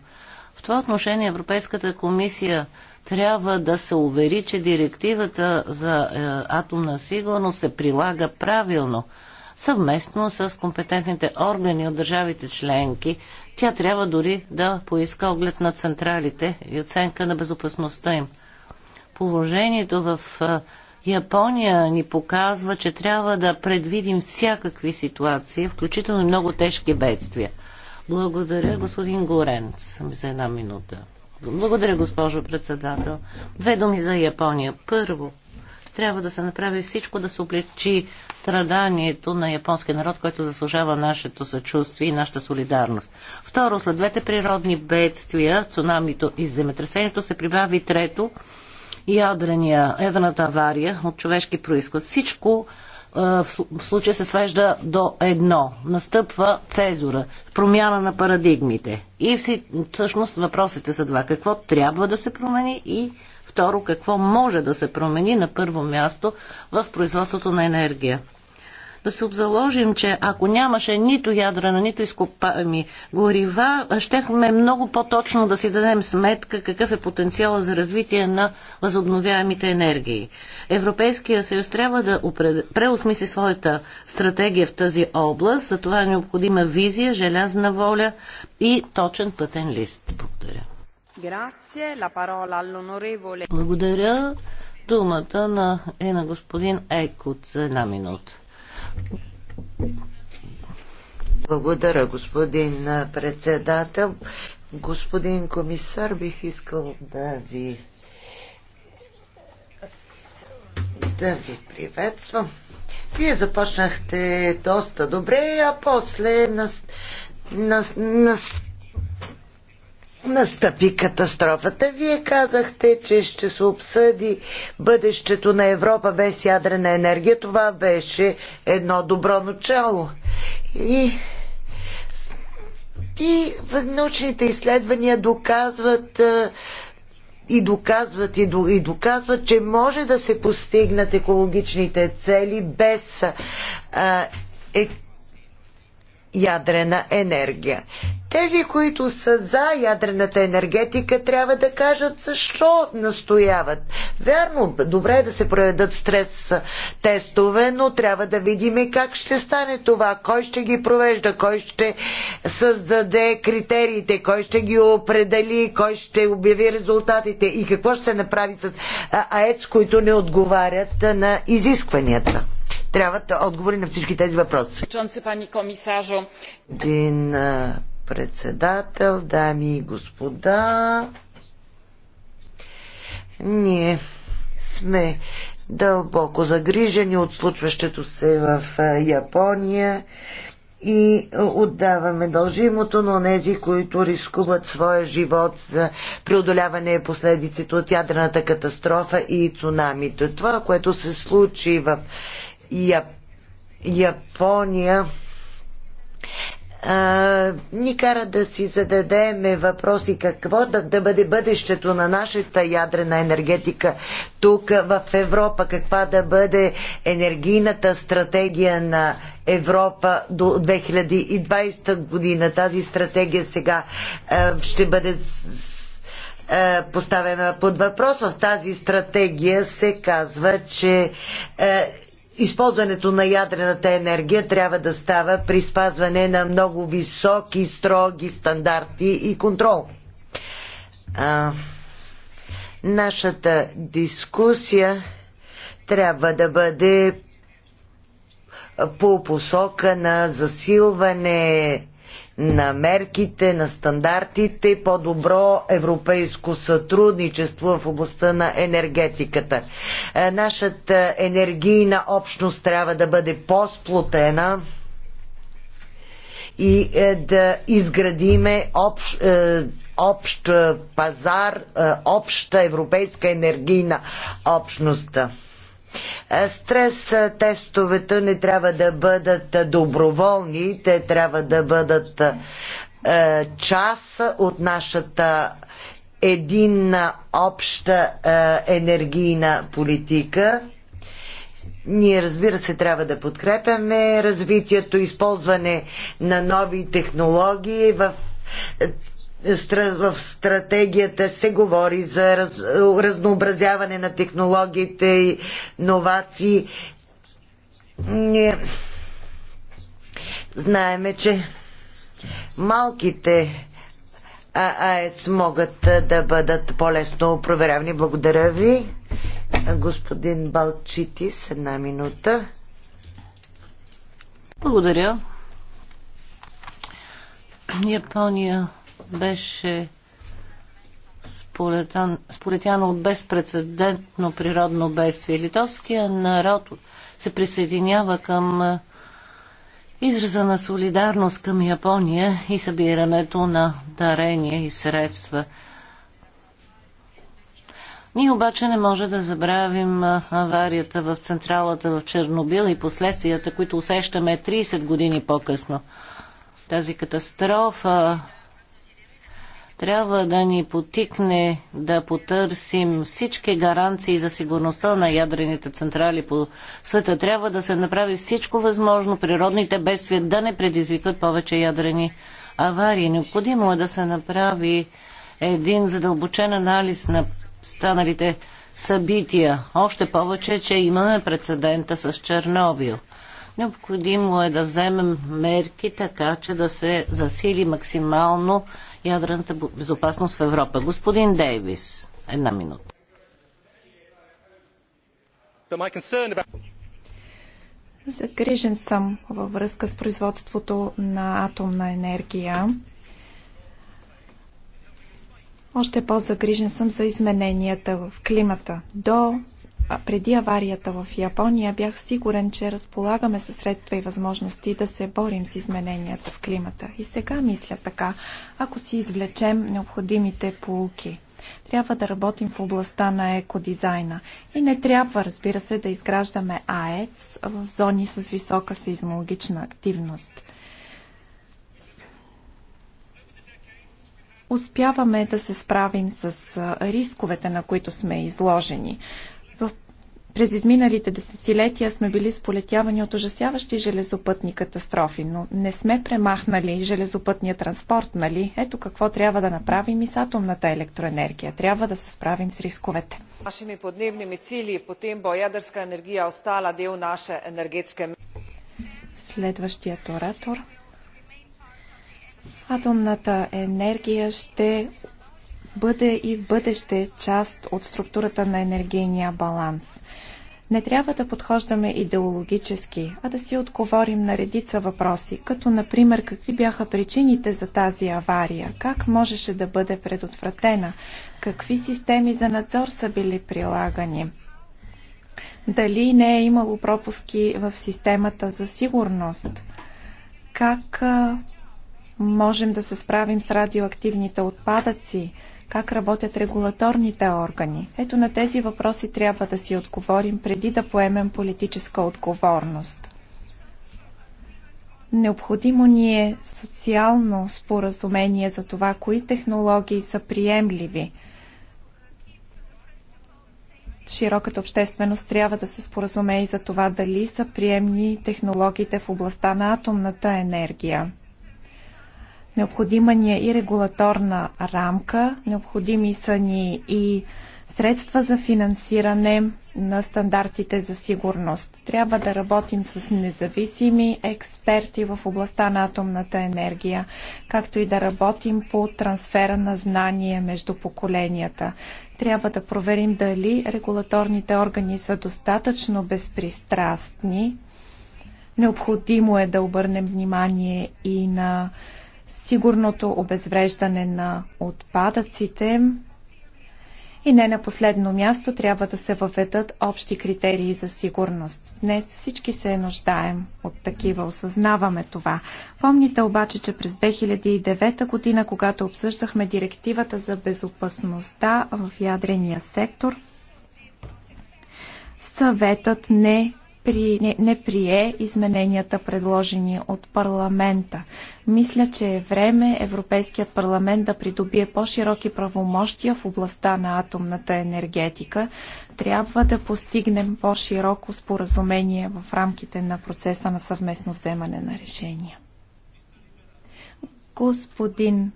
В това отношение Европейската комисия трябва да се увери, че директивата за е, атомна сигурност се прилага правилно – съвместно с компетентните органи от държавите членки. Тя трябва дори да поиска оглед на централите и оценка на безопасността им. Положението в Япония ни показва, че трябва да предвидим всякакви ситуации, включително и много тежки бедствия. Благодаря, господин Горенц, за една минута. Благодаря, госпожо председател. Две думи за Япония. Първо, трябва да се направи всичко да се облегчи страданието на японския народ, който заслужава нашето съчувствие и нашата солидарност. Второ, след двете природни бедствия, цунамито и земетресението, се прибави трето, ядрения, ядрената авария от човешки происход. Всичко е, в случая се свежда до едно. Настъпва цезура, промяна на парадигмите. И всъщност въпросите са два. Какво трябва да се промени и Второ, какво може да се промени на първо място в производството на енергия? да се обзаложим, че ако нямаше нито ядрена, нито изкопаеми горива, щехме много по-точно да си дадем сметка какъв е потенциала за развитие на възобновяемите енергии. Европейския съюз трябва да преосмисли своята стратегия в тази област, за това е необходима визия, желязна воля и точен пътен лист. Благодаря. Благодаря. Думата на, е на господин Екот за една минута. Благодаря, господин председател. Господин комисар, бих искал да ви да ви приветствам. Вие започнахте доста добре, а после нас, нас, нас, настъпи катастрофата. Вие казахте, че ще се обсъди бъдещето на Европа без ядрена енергия. Това беше едно добро начало. И и научните изследвания доказват и доказват и, доказват, че може да се постигнат екологичните цели без а, е, ядрена енергия. Тези, които са за ядрената енергетика, трябва да кажат защо настояват. Вярно, добре е да се проведат стрес тестове, но трябва да видим как ще стане това, кой ще ги провежда, кой ще създаде критериите, кой ще ги определи, кой ще обяви резултатите и какво ще се направи с АЕЦ, които не отговарят на изискванията трябват отговори на всички тези въпроси. Дин председател, дами и господа, ние сме дълбоко загрижени от случващото се в Япония и отдаваме дължимото на тези, които рискуват своя живот за преодоляване последиците от ядрената катастрофа и цунамите. Това, което се случи в Япония ни кара да си зададеме въпроси какво да, да бъде бъдещето на нашата ядрена енергетика тук в Европа, каква да бъде енергийната стратегия на Европа до 2020 година. Тази стратегия сега ще бъде поставена под въпрос. В тази стратегия се казва, че използването на ядрената енергия трябва да става при спазване на много високи, строги стандарти и контрол. А, нашата дискусия трябва да бъде по посока на засилване на мерките, на стандартите, по-добро европейско сътрудничество в областта на енергетиката. Е, нашата енергийна общност трябва да бъде по-сплотена и е, да изградиме общ е, общ пазар, обща европейска енергийна общност. Е, стрес е, тестовете не трябва да бъдат е, доброволни, те трябва да бъдат част от нашата единна обща енергийна политика. Ние, разбира се, трябва да подкрепяме развитието, използване на нови технологии в в стратегията се говори за раз, разнообразяване на технологиите, и новации. Ние знаеме, че малките АЕЦ могат да бъдат по-лесно проверявани. Благодаря ви. Господин Балчитис, една минута. Благодаря. Япония беше сполетяно от безпредседентно природно бедствие. Литовския народ се присъединява към израза на солидарност към Япония и събирането на дарения и средства. Ние обаче не може да забравим аварията в централата в Чернобил и последствията, които усещаме 30 години по-късно. Тази катастрофа трябва да ни потикне да потърсим всички гаранции за сигурността на ядрените централи по света. Трябва да се направи всичко възможно природните бедствия да не предизвикат повече ядрени аварии. Необходимо е да се направи един задълбочен анализ на станалите събития. Още повече, че имаме прецедента с Чернобил. Необходимо е да вземем мерки така, че да се засили максимално ядрената безопасност в Европа. Господин Дейвис, една минута. Загрижен съм във връзка с производството на атомна енергия. Още по-загрижен съм за измененията в климата. До преди аварията в Япония бях сигурен, че разполагаме със средства и възможности да се борим с измененията в климата. И сега мисля така, ако си извлечем необходимите полуки. Трябва да работим в областта на екодизайна. И не трябва, разбира се, да изграждаме АЕЦ в зони с висока сейзмологична активност. успяваме да се справим с рисковете, на които сме изложени. През изминалите десетилетия сме били сполетявани от ужасяващи железопътни катастрофи, но не сме премахнали железопътния транспорт, нали? Ето какво трябва да направим и с атомната електроенергия. Трябва да се справим с рисковете. Нашими подневними цели, потем бо ядърска енергия остала дел наше енергетска... Следващият оратор. Атомната енергия ще бъде и в бъдеще част от структурата на енергийния баланс. Не трябва да подхождаме идеологически, а да си отговорим на редица въпроси, като например какви бяха причините за тази авария, как можеше да бъде предотвратена, какви системи за надзор са били прилагани, дали не е имало пропуски в системата за сигурност, как можем да се справим с радиоактивните отпадъци, как работят регулаторните органи. Ето на тези въпроси трябва да си отговорим преди да поемем политическа отговорност. Необходимо ни е социално споразумение за това, кои технологии са приемливи. Широката общественост трябва да се споразуме и за това дали са приемни технологиите в областта на атомната енергия. Необходима ни е и регулаторна рамка, необходими са ни и средства за финансиране на стандартите за сигурност. Трябва да работим с независими експерти в областта на атомната енергия, както и да работим по трансфера на знания между поколенията. Трябва да проверим дали регулаторните органи са достатъчно безпристрастни. Необходимо е да обърнем внимание и на сигурното обезвреждане на отпадъците и не на последно място трябва да се въведат общи критерии за сигурност. Днес всички се нуждаем от такива, осъзнаваме това. Помните обаче, че през 2009 година, когато обсъждахме директивата за безопасността в ядрения сектор, съветът не при, не, не прие измененията, предложени от парламента. Мисля, че е време Европейският парламент да придобие по-широки правомощия в областта на атомната енергетика. Трябва да постигнем по-широко споразумение в рамките на процеса на съвместно вземане на решения. Господин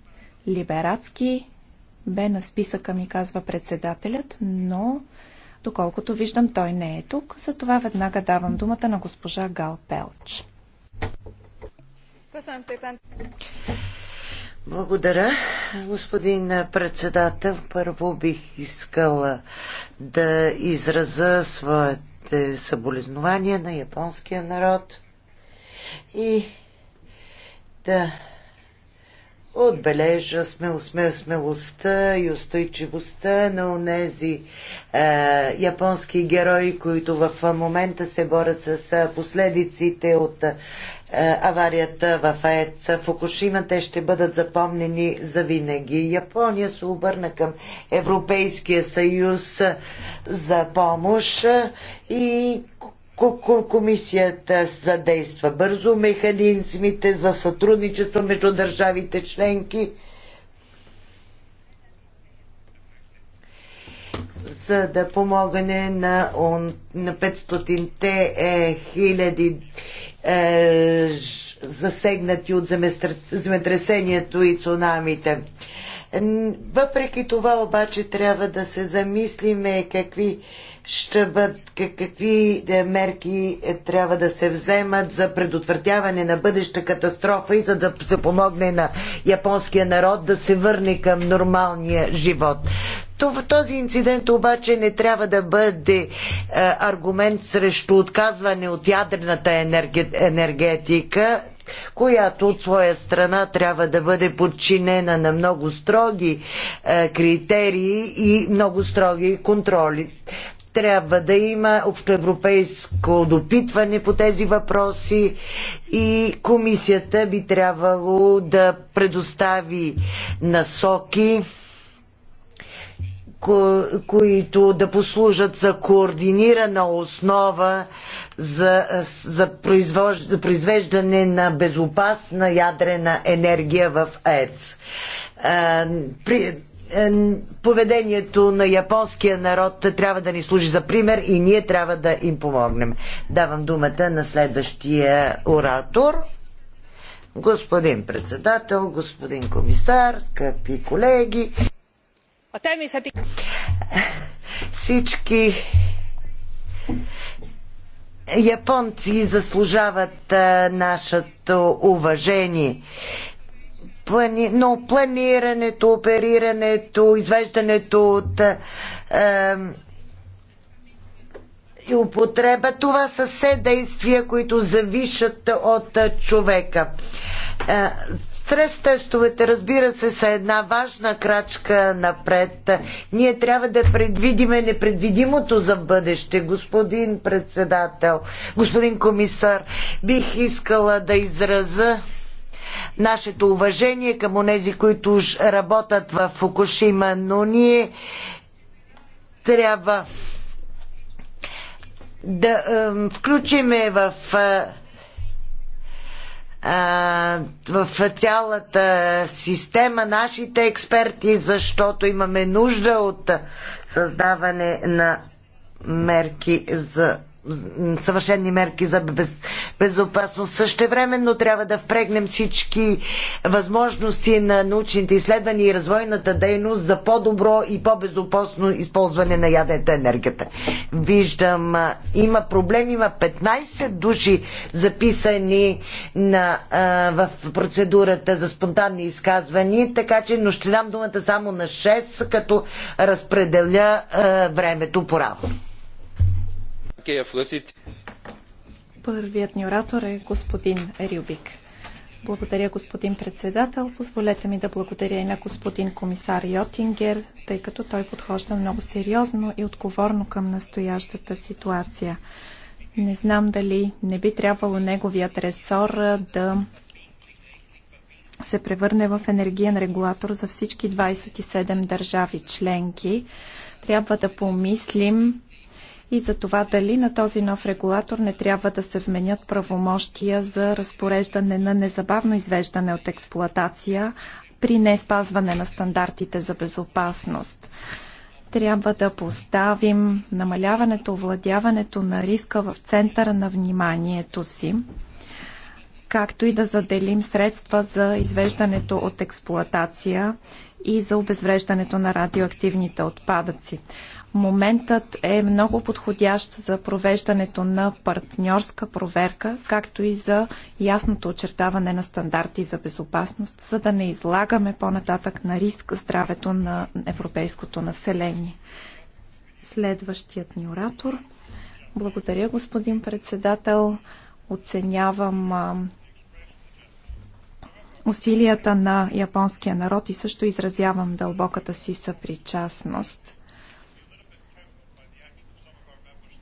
Либерацки бе на списъка ми, казва председателят, но Доколкото виждам, той не е тук, затова веднага давам думата на госпожа Гал Пелч. Благодаря, господин председател. Първо бих искала да израза своите съболезнования на японския народ и да отбележа смел, смел, смелостта и устойчивостта на онези е, японски герои, които в момента се борят с е, последиците от е, аварията в АЕЦ Фукушима. Те ще бъдат запомнени за винаги. Япония се обърна към Европейския съюз за помощ и Комисията задейства бързо механизмите за сътрудничество между държавите членки, за да помогне на, 500-те е, хиляди е, засегнати от земетресението и цунамите. Въпреки това обаче трябва да се замислиме какви ще бъд, какви мерки е, трябва да се вземат за предотвратяване на бъдеща катастрофа и за да се помогне на японския народ да се върне към нормалния живот. Този инцидент обаче не трябва да бъде е, аргумент срещу отказване от ядрената енергетика, която от своя страна трябва да бъде подчинена на много строги е, критерии и много строги контроли. Трябва да има общоевропейско допитване по тези въпроси и комисията би трябвало да предостави насоки, които да послужат за координирана основа за, за, произвеждане на безопасна ядрена енергия в ЕЦ поведението на японския народ трябва да ни служи за пример и ние трябва да им помогнем. Давам думата на следващия оратор. Господин председател, господин комисар, скъпи колеги. Всички японци заслужават е, нашето уважение плани... но планирането, оперирането, извеждането от е, и употреба, това са все действия, които завишат от е, човека. Е, стрес тестовете, разбира се, са една важна крачка напред. Ние трябва да предвидиме непредвидимото за бъдеще, господин председател, господин комисар. Бих искала да израза нашето уважение към онези, които работят в Фукушима, но ние трябва да е, включиме в е, в цялата система нашите експерти, защото имаме нужда от създаване на мерки за съвършенни мерки за без, безопасност. Същевременно трябва да впрегнем всички възможности на научните изследвания и развойната дейност за по-добро и по-безопасно използване на ядрената енергията. Виждам, има проблем, има 15 души записани на, а, в процедурата за спонтанни изказвания, така че, но ще дам думата само на 6, като разпределя а, времето по равно. Първият ни оратор е господин Рюбик. Благодаря, господин председател. Позволете ми да благодаря и на господин комисар Йотингер, тъй като той подхожда много сериозно и отговорно към настоящата ситуация. Не знам дали не би трябвало неговият ресор да се превърне в енергиен регулатор за всички 27 държави членки. Трябва да помислим и за това дали на този нов регулатор не трябва да се вменят правомощия за разпореждане на незабавно извеждане от експлоатация при не спазване на стандартите за безопасност трябва да поставим намаляването, овладяването на риска в центъра на вниманието си както и да заделим средства за извеждането от експлоатация и за обезвреждането на радиоактивните отпадъци. Моментът е много подходящ за провеждането на партньорска проверка, както и за ясното очертаване на стандарти за безопасност, за да не излагаме по-нататък на риск здравето на европейското население. Следващият ни оратор. Благодаря, господин председател. Оценявам усилията на японския народ и също изразявам дълбоката си съпричастност.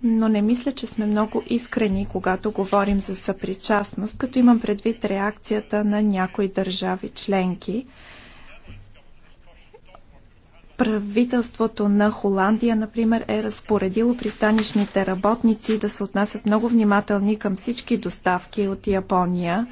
Но не мисля, че сме много искрени, когато говорим за съпричастност, като имам предвид реакцията на някои държави членки. Правителството на Холандия, например, е разпоредило пристанищните работници да се отнасят много внимателни към всички доставки от Япония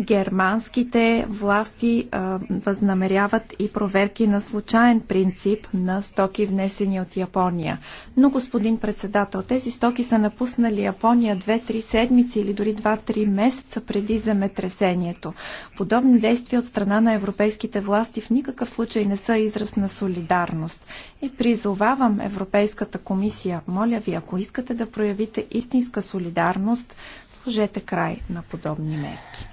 германските власти а, възнамеряват и проверки на случайен принцип на стоки внесени от Япония. Но, господин председател, тези стоки са напуснали Япония 2-3 седмици или дори 2-3 месеца преди земетресението. Подобни действия от страна на европейските власти в никакъв случай не са израз на солидарност. И призовавам Европейската комисия, моля ви, ако искате да проявите истинска солидарност, служете край на подобни мерки.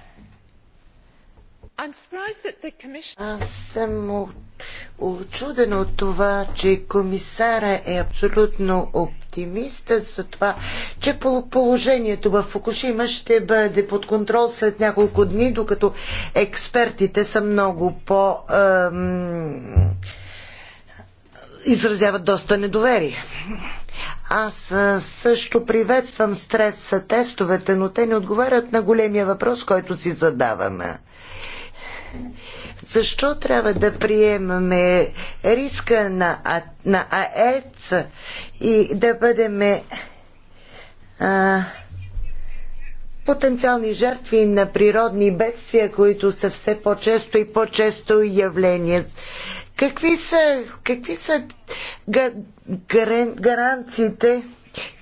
Аз съм очуден от това, че комисара е абсолютно оптимист за това, че положението в Фукушима ще бъде под контрол след няколко дни, докато експертите са много по... Ем, изразяват доста недоверие. Аз също приветствам стрес тестовете, но те не отговарят на големия въпрос, който си задаваме. Защо трябва да приемаме риска на, а, на АЕЦ и да бъдем потенциални жертви на природни бедствия, които са все по-често и по-често явления? Какви са, какви са га, гаранциите,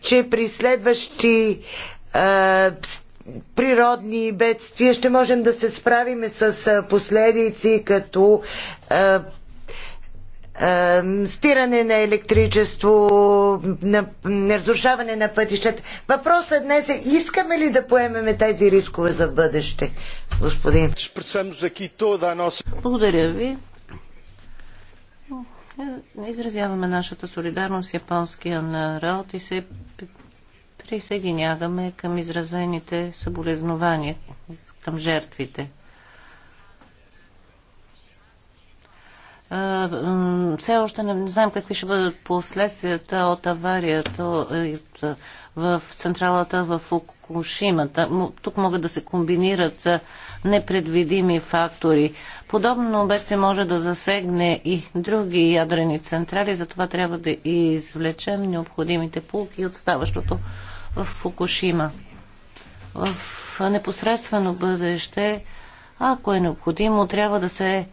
че при следващи а, природни бедствия, ще можем да се справим с последици като спиране на електричество, на разрушаване на пътищата. Въпросът днес е искаме ли да поемеме тези рискове за бъдеще, господин? Благодаря ви. Изразяваме нашата солидарност с японския народ и се присъединяваме към изразените съболезнования към жертвите. Все още не знаем какви ще бъдат последствията от аварията е, е, в централата в Фукушима. Тук могат да се комбинират е, непредвидими фактори. Подобно бе се може да засегне и други ядрени централи, затова трябва да извлечем необходимите полки от ставащото в Фукушима. В непосредствено бъдеще, ако е необходимо, трябва да се е,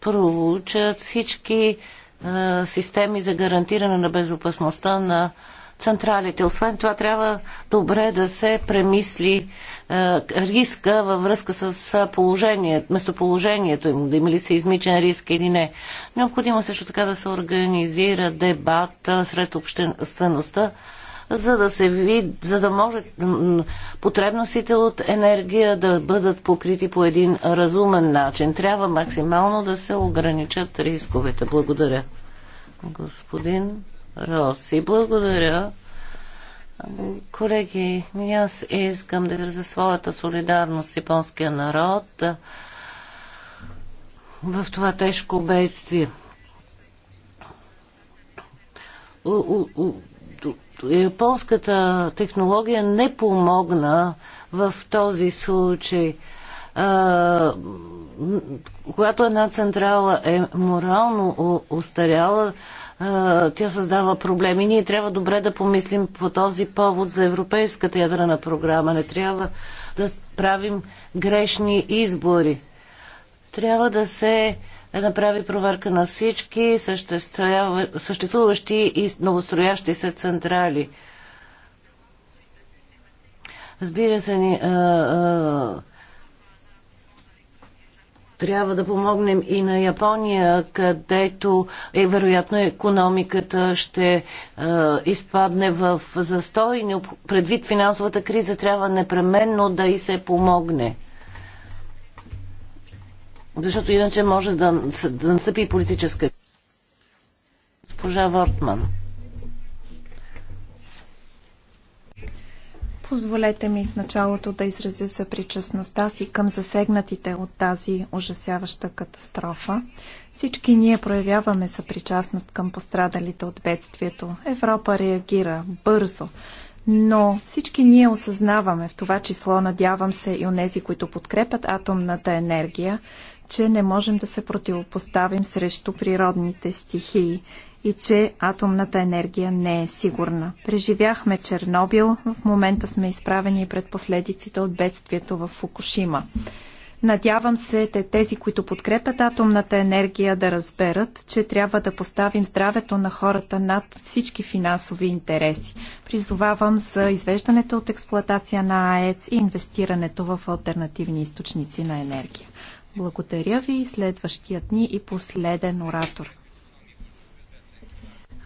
проучат всички е, системи за гарантиране на безопасността на централите. Освен това, трябва добре да се премисли е, риска във връзка с е, положение, местоположението им, да има ли се измичен риск или не. Необходимо също така да се организира дебат е, сред обществеността за да, се вид, за да може потребностите от енергия да бъдат покрити по един разумен начин. Трябва максимално да се ограничат рисковете. Благодаря. Господин Роси, благодаря. Колеги, аз искам да изразя своята солидарност с японския народ в това тежко бедствие японската технология не помогна в този случай. А, когато една централа е морално устаряла, тя създава проблеми. Ние трябва добре да помислим по този повод за европейската ядрена програма. Не трябва да правим грешни избори. Трябва да се да е направи проверка на всички съществуващи и новостроящи се централи. Разбира се, ни, а, а, трябва да помогнем и на Япония, където е вероятно економиката ще а, изпадне в застой. Предвид финансовата криза трябва непременно да и се помогне. Защото иначе може да, да настъпи политическа. Госпожа Вортман. Позволете ми в началото да изразя съпричастността си към засегнатите от тази ужасяваща катастрофа. Всички ние проявяваме съпричастност към пострадалите от бедствието. Европа реагира бързо, но всички ние осъзнаваме, в това число надявам се и у нези, които подкрепят атомната енергия, че не можем да се противопоставим срещу природните стихии и че атомната енергия не е сигурна. Преживяхме Чернобил, в момента сме изправени пред последиците от бедствието в Фукушима. Надявам се те, тези, които подкрепят атомната енергия, да разберат, че трябва да поставим здравето на хората над всички финансови интереси. Призовавам за извеждането от експлоатация на АЕЦ и инвестирането в альтернативни източници на енергия. Благодаря ви. Следващият ни и последен оратор.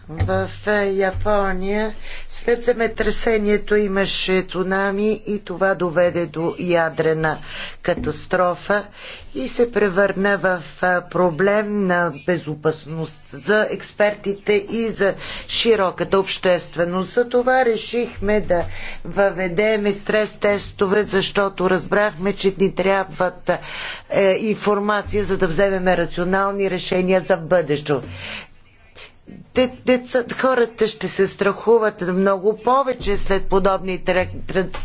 В е, Япония след земетресението имаше цунами и това доведе до ядрена катастрофа и се превърна в е, проблем на безопасност за експертите и за широката общественост. За това решихме да въведеме стрес тестове, защото разбрахме, че ни трябват е, информация, за да вземем рационални решения за бъдещето деца, хората ще се страхуват много повече след подобни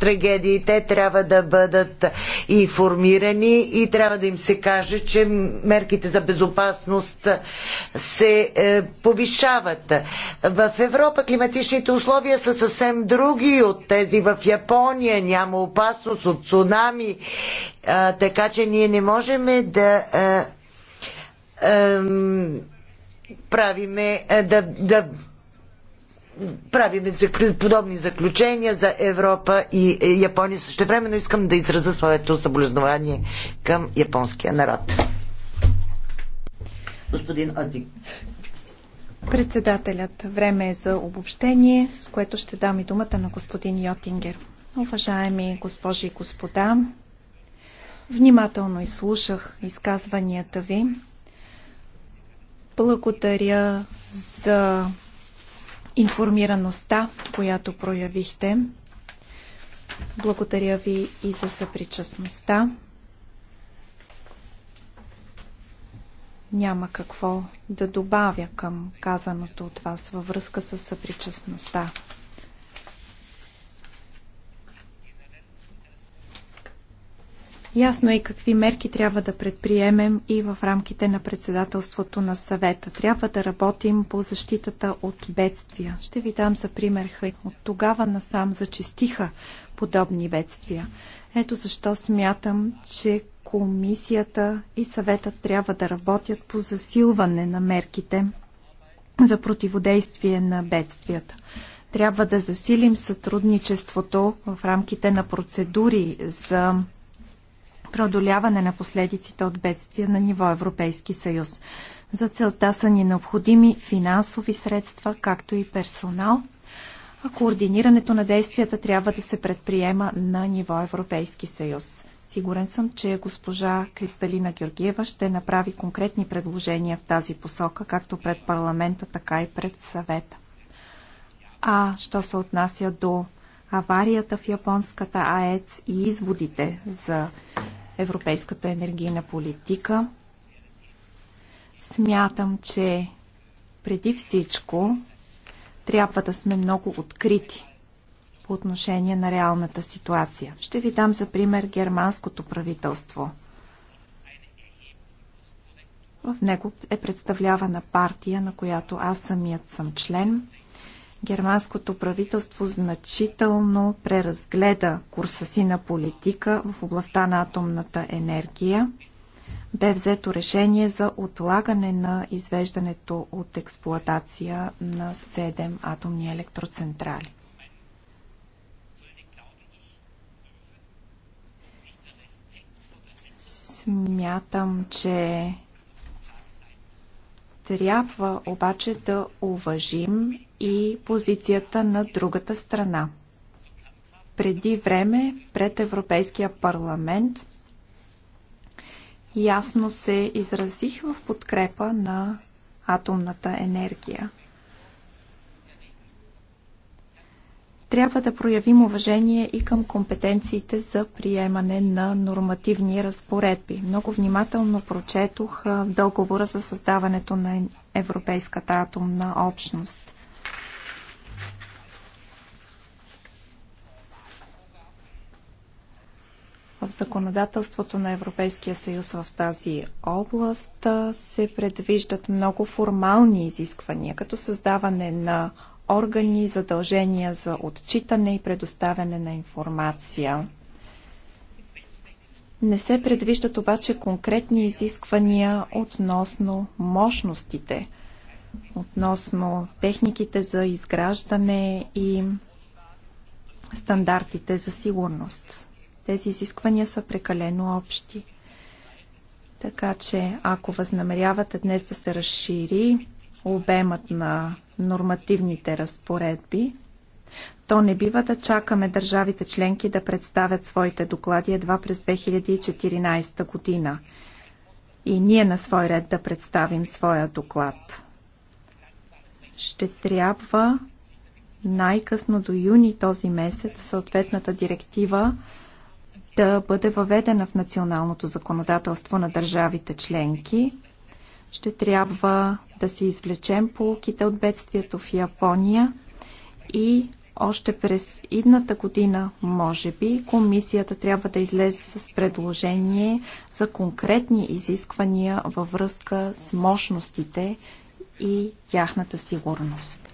трагедии. Те трябва да бъдат информирани и трябва да им се каже, че мерките за безопасност се е, повишават. В Европа климатичните условия са съвсем други от тези в Япония. Няма опасност от цунами. А, така че ние не можем да. А, е, а, правиме е, да, да правиме подобни заключения за Европа и е, Япония. Също времено искам да изразя своето съболезнование към японския народ. Господин Ади. Председателят, време е за обобщение, с което ще дам и думата на господин Йотингер. Уважаеми госпожи и господа, внимателно изслушах изказванията ви. Благодаря за информираността, която проявихте. Благодаря ви и за съпричастността. Няма какво да добавя към казаното от вас във връзка с съпричастността. Ясно е и какви мерки трябва да предприемем и в рамките на председателството на съвета. Трябва да работим по защитата от бедствия. Ще ви дам за пример Хай. От тогава насам зачистиха подобни бедствия. Ето защо смятам, че комисията и съветът трябва да работят по засилване на мерките за противодействие на бедствията. Трябва да засилим сътрудничеството в рамките на процедури за преодоляване на последиците от бедствия на ниво Европейски съюз. За целта са ни необходими финансови средства, както и персонал, а координирането на действията трябва да се предприема на ниво Европейски съюз. Сигурен съм, че госпожа Кристалина Георгиева ще направи конкретни предложения в тази посока, както пред парламента, така и пред съвета. А що се отнася до аварията в японската АЕЦ и изводите за европейската енергийна политика. Смятам, че преди всичко трябва да сме много открити по отношение на реалната ситуация. Ще ви дам за пример германското правителство. В него е представлявана партия, на която аз самият съм член – германското правителство значително преразгледа курса си на политика в областта на атомната енергия. Бе взето решение за отлагане на извеждането от експлоатация на 7 атомни електроцентрали. Смятам, че трябва обаче да уважим и позицията на другата страна. Преди време пред Европейския парламент ясно се изразих в подкрепа на атомната енергия. Трябва да проявим уважение и към компетенциите за приемане на нормативни разпоредби. Много внимателно прочетох договора за създаването на Европейската атомна общност. В законодателството на Европейския съюз в тази област се предвиждат много формални изисквания, като създаване на органи, задължения за отчитане и предоставяне на информация. Не се предвиждат обаче конкретни изисквания относно мощностите, относно техниките за изграждане и стандартите за сигурност. Тези изисквания са прекалено общи. Така че, ако възнамерявате днес да се разшири обемът на нормативните разпоредби, то не бива да чакаме държавите членки да представят своите доклади едва през 2014 година и ние на свой ред да представим своя доклад. Ще трябва най-късно до юни този месец съответната директива да бъде въведена в националното законодателство на държавите членки. Ще трябва да си извлечем полуките от бедствието в Япония и още през идната година, може би, комисията трябва да излезе с предложение за конкретни изисквания във връзка с мощностите и тяхната сигурност.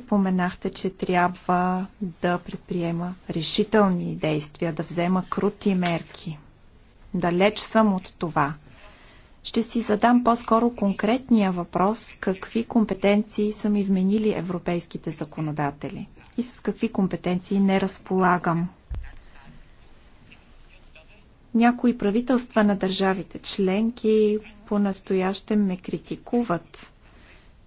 Упоменахте, че трябва да предприема решителни действия, да взема крути мерки. Далеч съм от това. Ще си задам по-скоро конкретния въпрос какви компетенции са ми вменили европейските законодатели и с какви компетенции не разполагам. Някои правителства на държавите членки по-настоящем ме критикуват,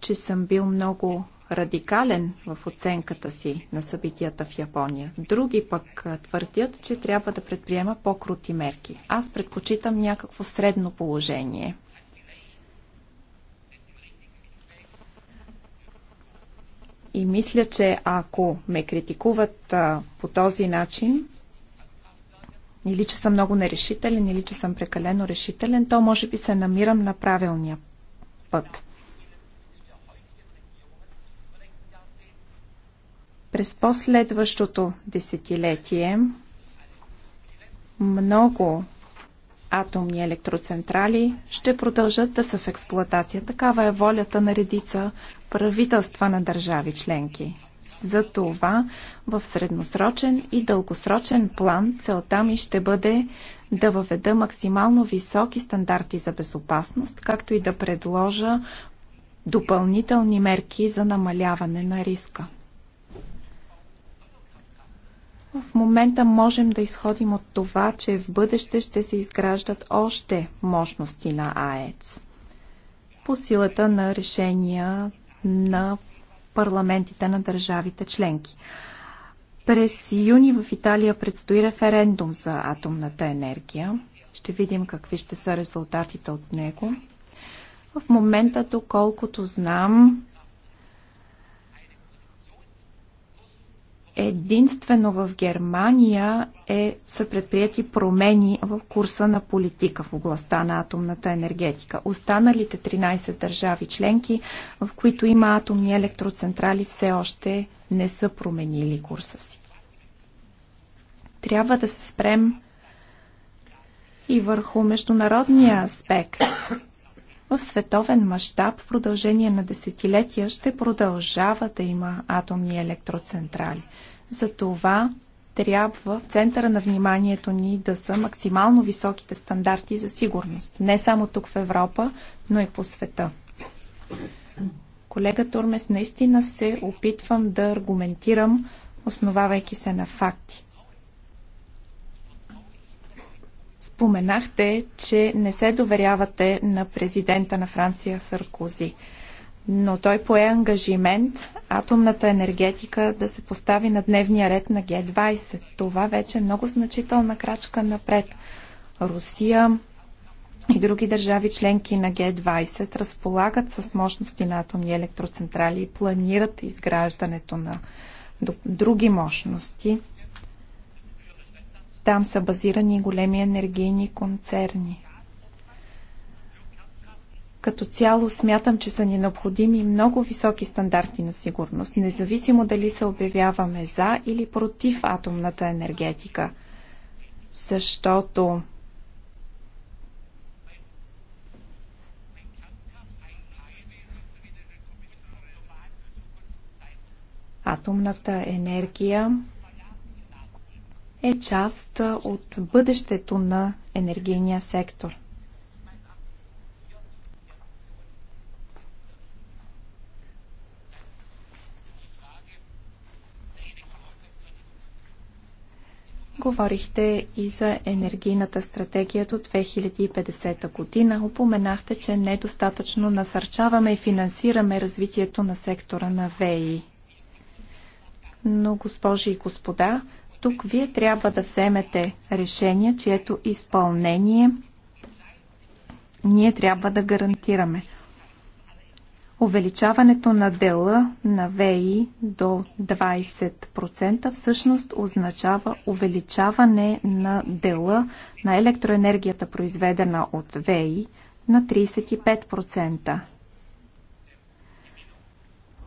че съм бил много радикален в оценката си на събитията в Япония. Други пък твърдят, че трябва да предприема по-крути мерки. Аз предпочитам някакво средно положение. И мисля, че ако ме критикуват а, по този начин, или че съм много нерешителен, или че съм прекалено решителен, то може би се намирам на правилния път. През последващото десетилетие много атомни електроцентрали ще продължат да са в експлоатация. Такава е волята на редица правителства на държави членки. За това в средносрочен и дългосрочен план целта ми ще бъде да въведа максимално високи стандарти за безопасност, както и да предложа допълнителни мерки за намаляване на риска. В момента можем да изходим от това, че в бъдеще ще се изграждат още мощности на АЕЦ по силата на решения на парламентите на държавите членки. През юни в Италия предстои референдум за атомната енергия. Ще видим какви ще са резултатите от него. В момента, доколкото знам, единствено в Германия е, са предприяти промени в курса на политика в областта на атомната енергетика. Останалите 13 държави членки, в които има атомни електроцентрали, все още не са променили курса си. Трябва да се спрем и върху международния аспект в световен мащаб в продължение на десетилетия ще продължава да има атомни електроцентрали. Затова трябва в центъра на вниманието ни да са максимално високите стандарти за сигурност. Не само тук в Европа, но и по света. Колега Турмес, наистина се опитвам да аргументирам, основавайки се на факти. Споменахте, че не се доверявате на президента на Франция Саркози, но той пое ангажимент атомната енергетика да се постави на дневния ред на Г-20. Това вече е много значителна крачка напред. Русия и други държави членки на Г-20 разполагат с мощности на атомни електроцентрали и планират изграждането на други мощности. Там са базирани големи енергийни концерни. Като цяло смятам, че са ни необходими много високи стандарти на сигурност, независимо дали се обявяваме за или против атомната енергетика. Защото атомната енергия е част от бъдещето на енергийния сектор. Говорихте и за енергийната стратегия до 2050 година. Упоменахте, че недостатъчно насърчаваме и финансираме развитието на сектора на ВЕИ. Но, госпожи и господа, тук вие трябва да вземете решение, чието изпълнение ние трябва да гарантираме. Увеличаването на дела на ВИ до 20% всъщност означава увеличаване на дела на електроенергията, произведена от ВИ, на 35%.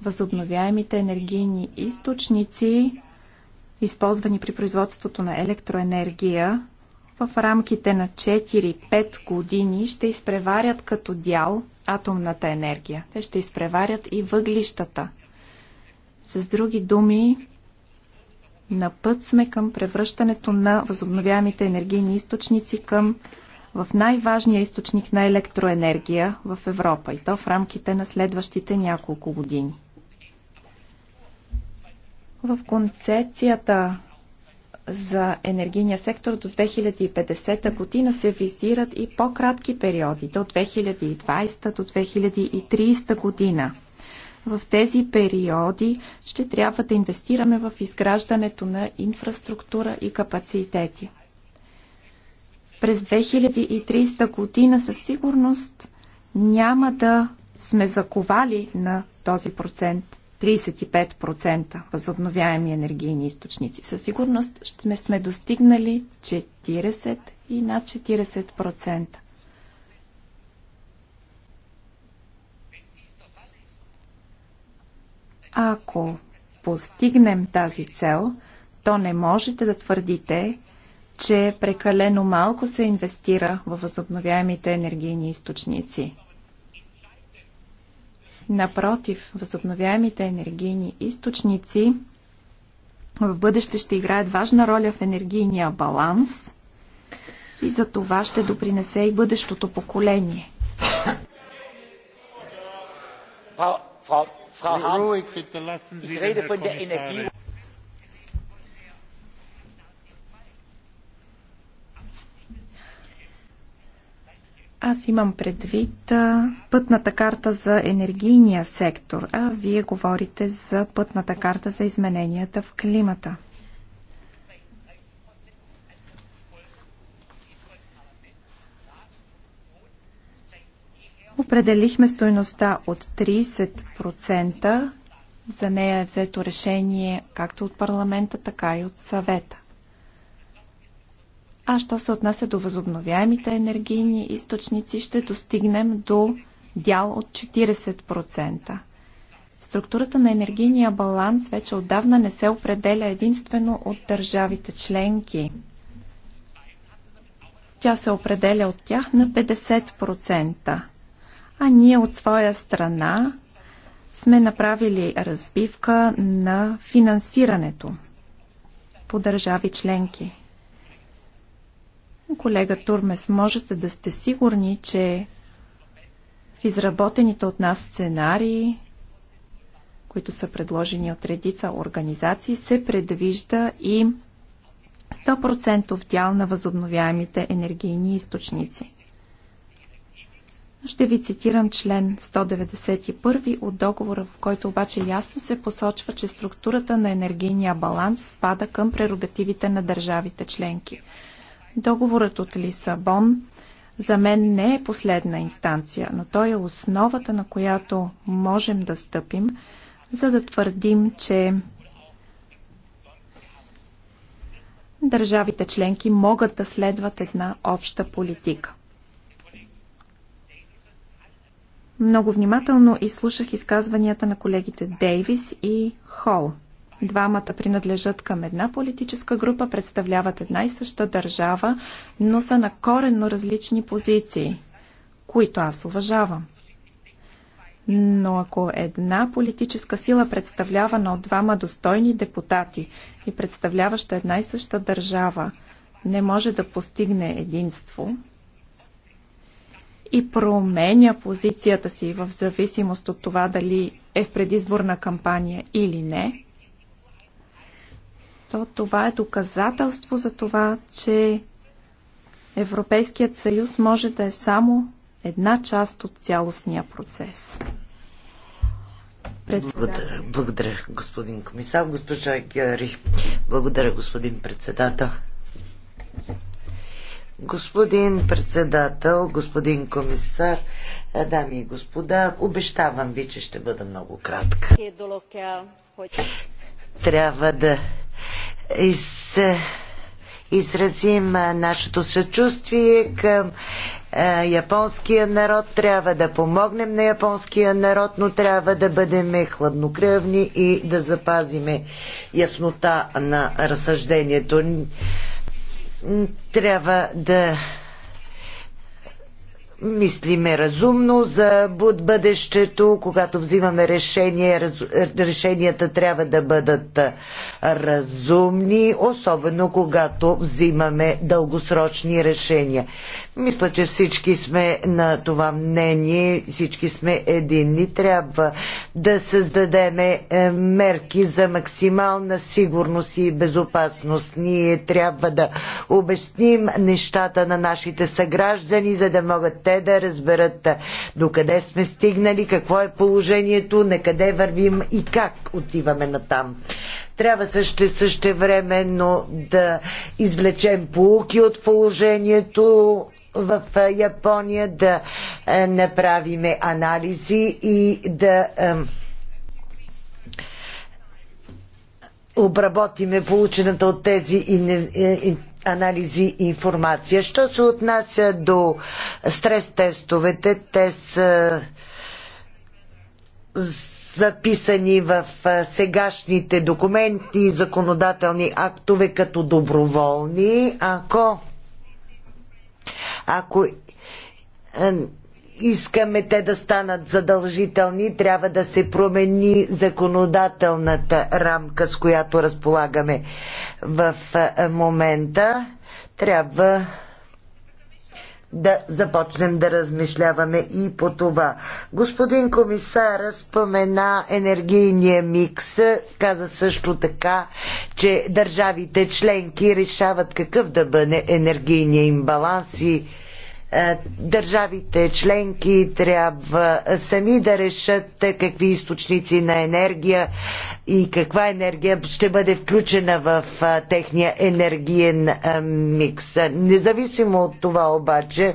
Възобновяемите енергийни източници използвани при производството на електроенергия, в рамките на 4-5 години ще изпреварят като дял атомната енергия. Те ще изпреварят и въглищата. С други думи, на път сме към превръщането на възобновяемите енергийни източници към в най-важния източник на електроенергия в Европа и то в рамките на следващите няколко години. В концепцията за енергийния сектор до 2050 година се визират и по-кратки периоди до 2020 до 2030 година. В тези периоди ще трябва да инвестираме в изграждането на инфраструктура и капацитети. През 2030 година със сигурност няма да сме заковали на този процент 35% възобновяеми енергийни източници. Със сигурност ще сме достигнали 40 и над 40%. Ако постигнем тази цел, то не можете да твърдите, че прекалено малко се инвестира в възобновяемите енергийни източници. Напротив, възобновяемите енергийни източници в бъдеще ще играят важна роля в енергийния баланс и за това ще допринесе и бъдещото поколение. Аз имам предвид пътната карта за енергийния сектор, а вие говорите за пътната карта за измененията в климата. Определихме стоеността от 30%. За нея е взето решение както от парламента, така и от съвета. А що се отнася до възобновяемите енергийни източници, ще достигнем до дял от 40%. Структурата на енергийния баланс вече отдавна не се определя единствено от държавите членки. Тя се определя от тях на 50%. А ние от своя страна сме направили разбивка на финансирането по държави членки. Колега Турмес, можете да сте сигурни, че в изработените от нас сценарии, които са предложени от редица организации, се предвижда и 100% дял на възобновяемите енергийни източници. Ще ви цитирам член 191 от договора, в който обаче ясно се посочва, че структурата на енергийния баланс спада към прерогативите на държавите членки. Договорът от Лисабон за мен не е последна инстанция, но той е основата, на която можем да стъпим, за да твърдим, че държавите членки могат да следват една обща политика. Много внимателно изслушах изказванията на колегите Дейвис и Хол – Двамата принадлежат към една политическа група, представляват една и съща държава, но са на коренно различни позиции, които аз уважавам. Но ако една политическа сила, представлявана от двама достойни депутати и представляваща една и съща държава, не може да постигне единство и променя позицията си в зависимост от това дали е в предизборна кампания или не, то това е доказателство за това, че Европейският съюз може да е само една част от цялостния процес. Благодаря, благодаря, господин комисар, госпожа Георги. Благодаря, господин председател. Господин председател, господин комисар, е, дами и господа, обещавам ви, че ще бъда много кратка. Е, Трябва да из, изразим нашето съчувствие към японския народ, трябва да помогнем на японския народ, но трябва да бъдем хладнокръвни и да запазиме яснота на разсъждението. Трябва да мислиме разумно за бъдещето, когато взимаме решение, раз, решенията трябва да бъдат разумни, особено когато взимаме дългосрочни решения. Мисля, че всички сме на това мнение, всички сме единни. Трябва да създадем е, мерки за максимална сигурност и безопасност. Ние трябва да обясним нещата на нашите съграждани, за да могат те да разберат докъде сме стигнали, какво е положението, на къде вървим и как отиваме на там. Трябва също, също време, но да извлечем полуки от положението, в Япония, да направиме анализи и да обработиме получената от тези е, анализи и информация. Що се отнася до стрес-тестовете, те са записани в сегашните документи и законодателни актове като доброволни. Ако, ако е, искаме те да станат задължителни, трябва да се промени законодателната рамка, с която разполагаме в е, момента. Трябва да започнем да размишляваме и по това. Господин комисар спомена енергийния микс, каза също така, че държавите членки решават какъв да бъде енергийния им баланс и е, държавите членки трябва сами да решат какви източници на енергия и каква енергия ще бъде включена в е, техния енергиен е, микс. Независимо от това обаче,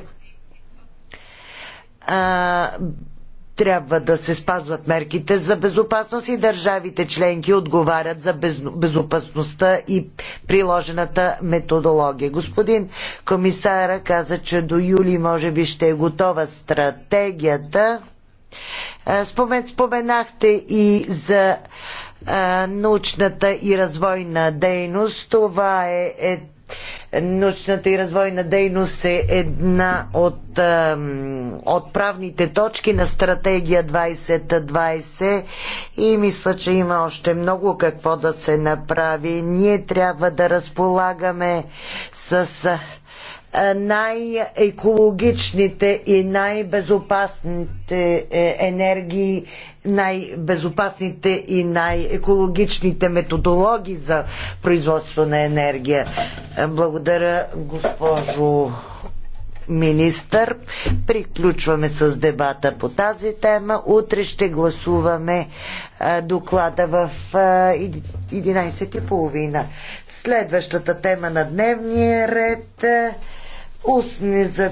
трябва да се спазват мерките за безопасност и държавите членки отговарят за безопасността и приложената методология. Господин комисара каза, че до юли може би ще е готова стратегията. Спомен, споменахте и за научната и развойна дейност. Това е, е научната и развойна дейност е една от, от правните точки на стратегия 2020 и мисля, че има още много какво да се направи. Ние трябва да разполагаме с най-екологичните и най-безопасните е, енергии, най-безопасните и най-екологичните методологии за производство на енергия. Благодаря, госпожо министър. Приключваме с дебата по тази тема. Утре ще гласуваме е, доклада в 11.30. Е, Следващата тема на дневния ред устни за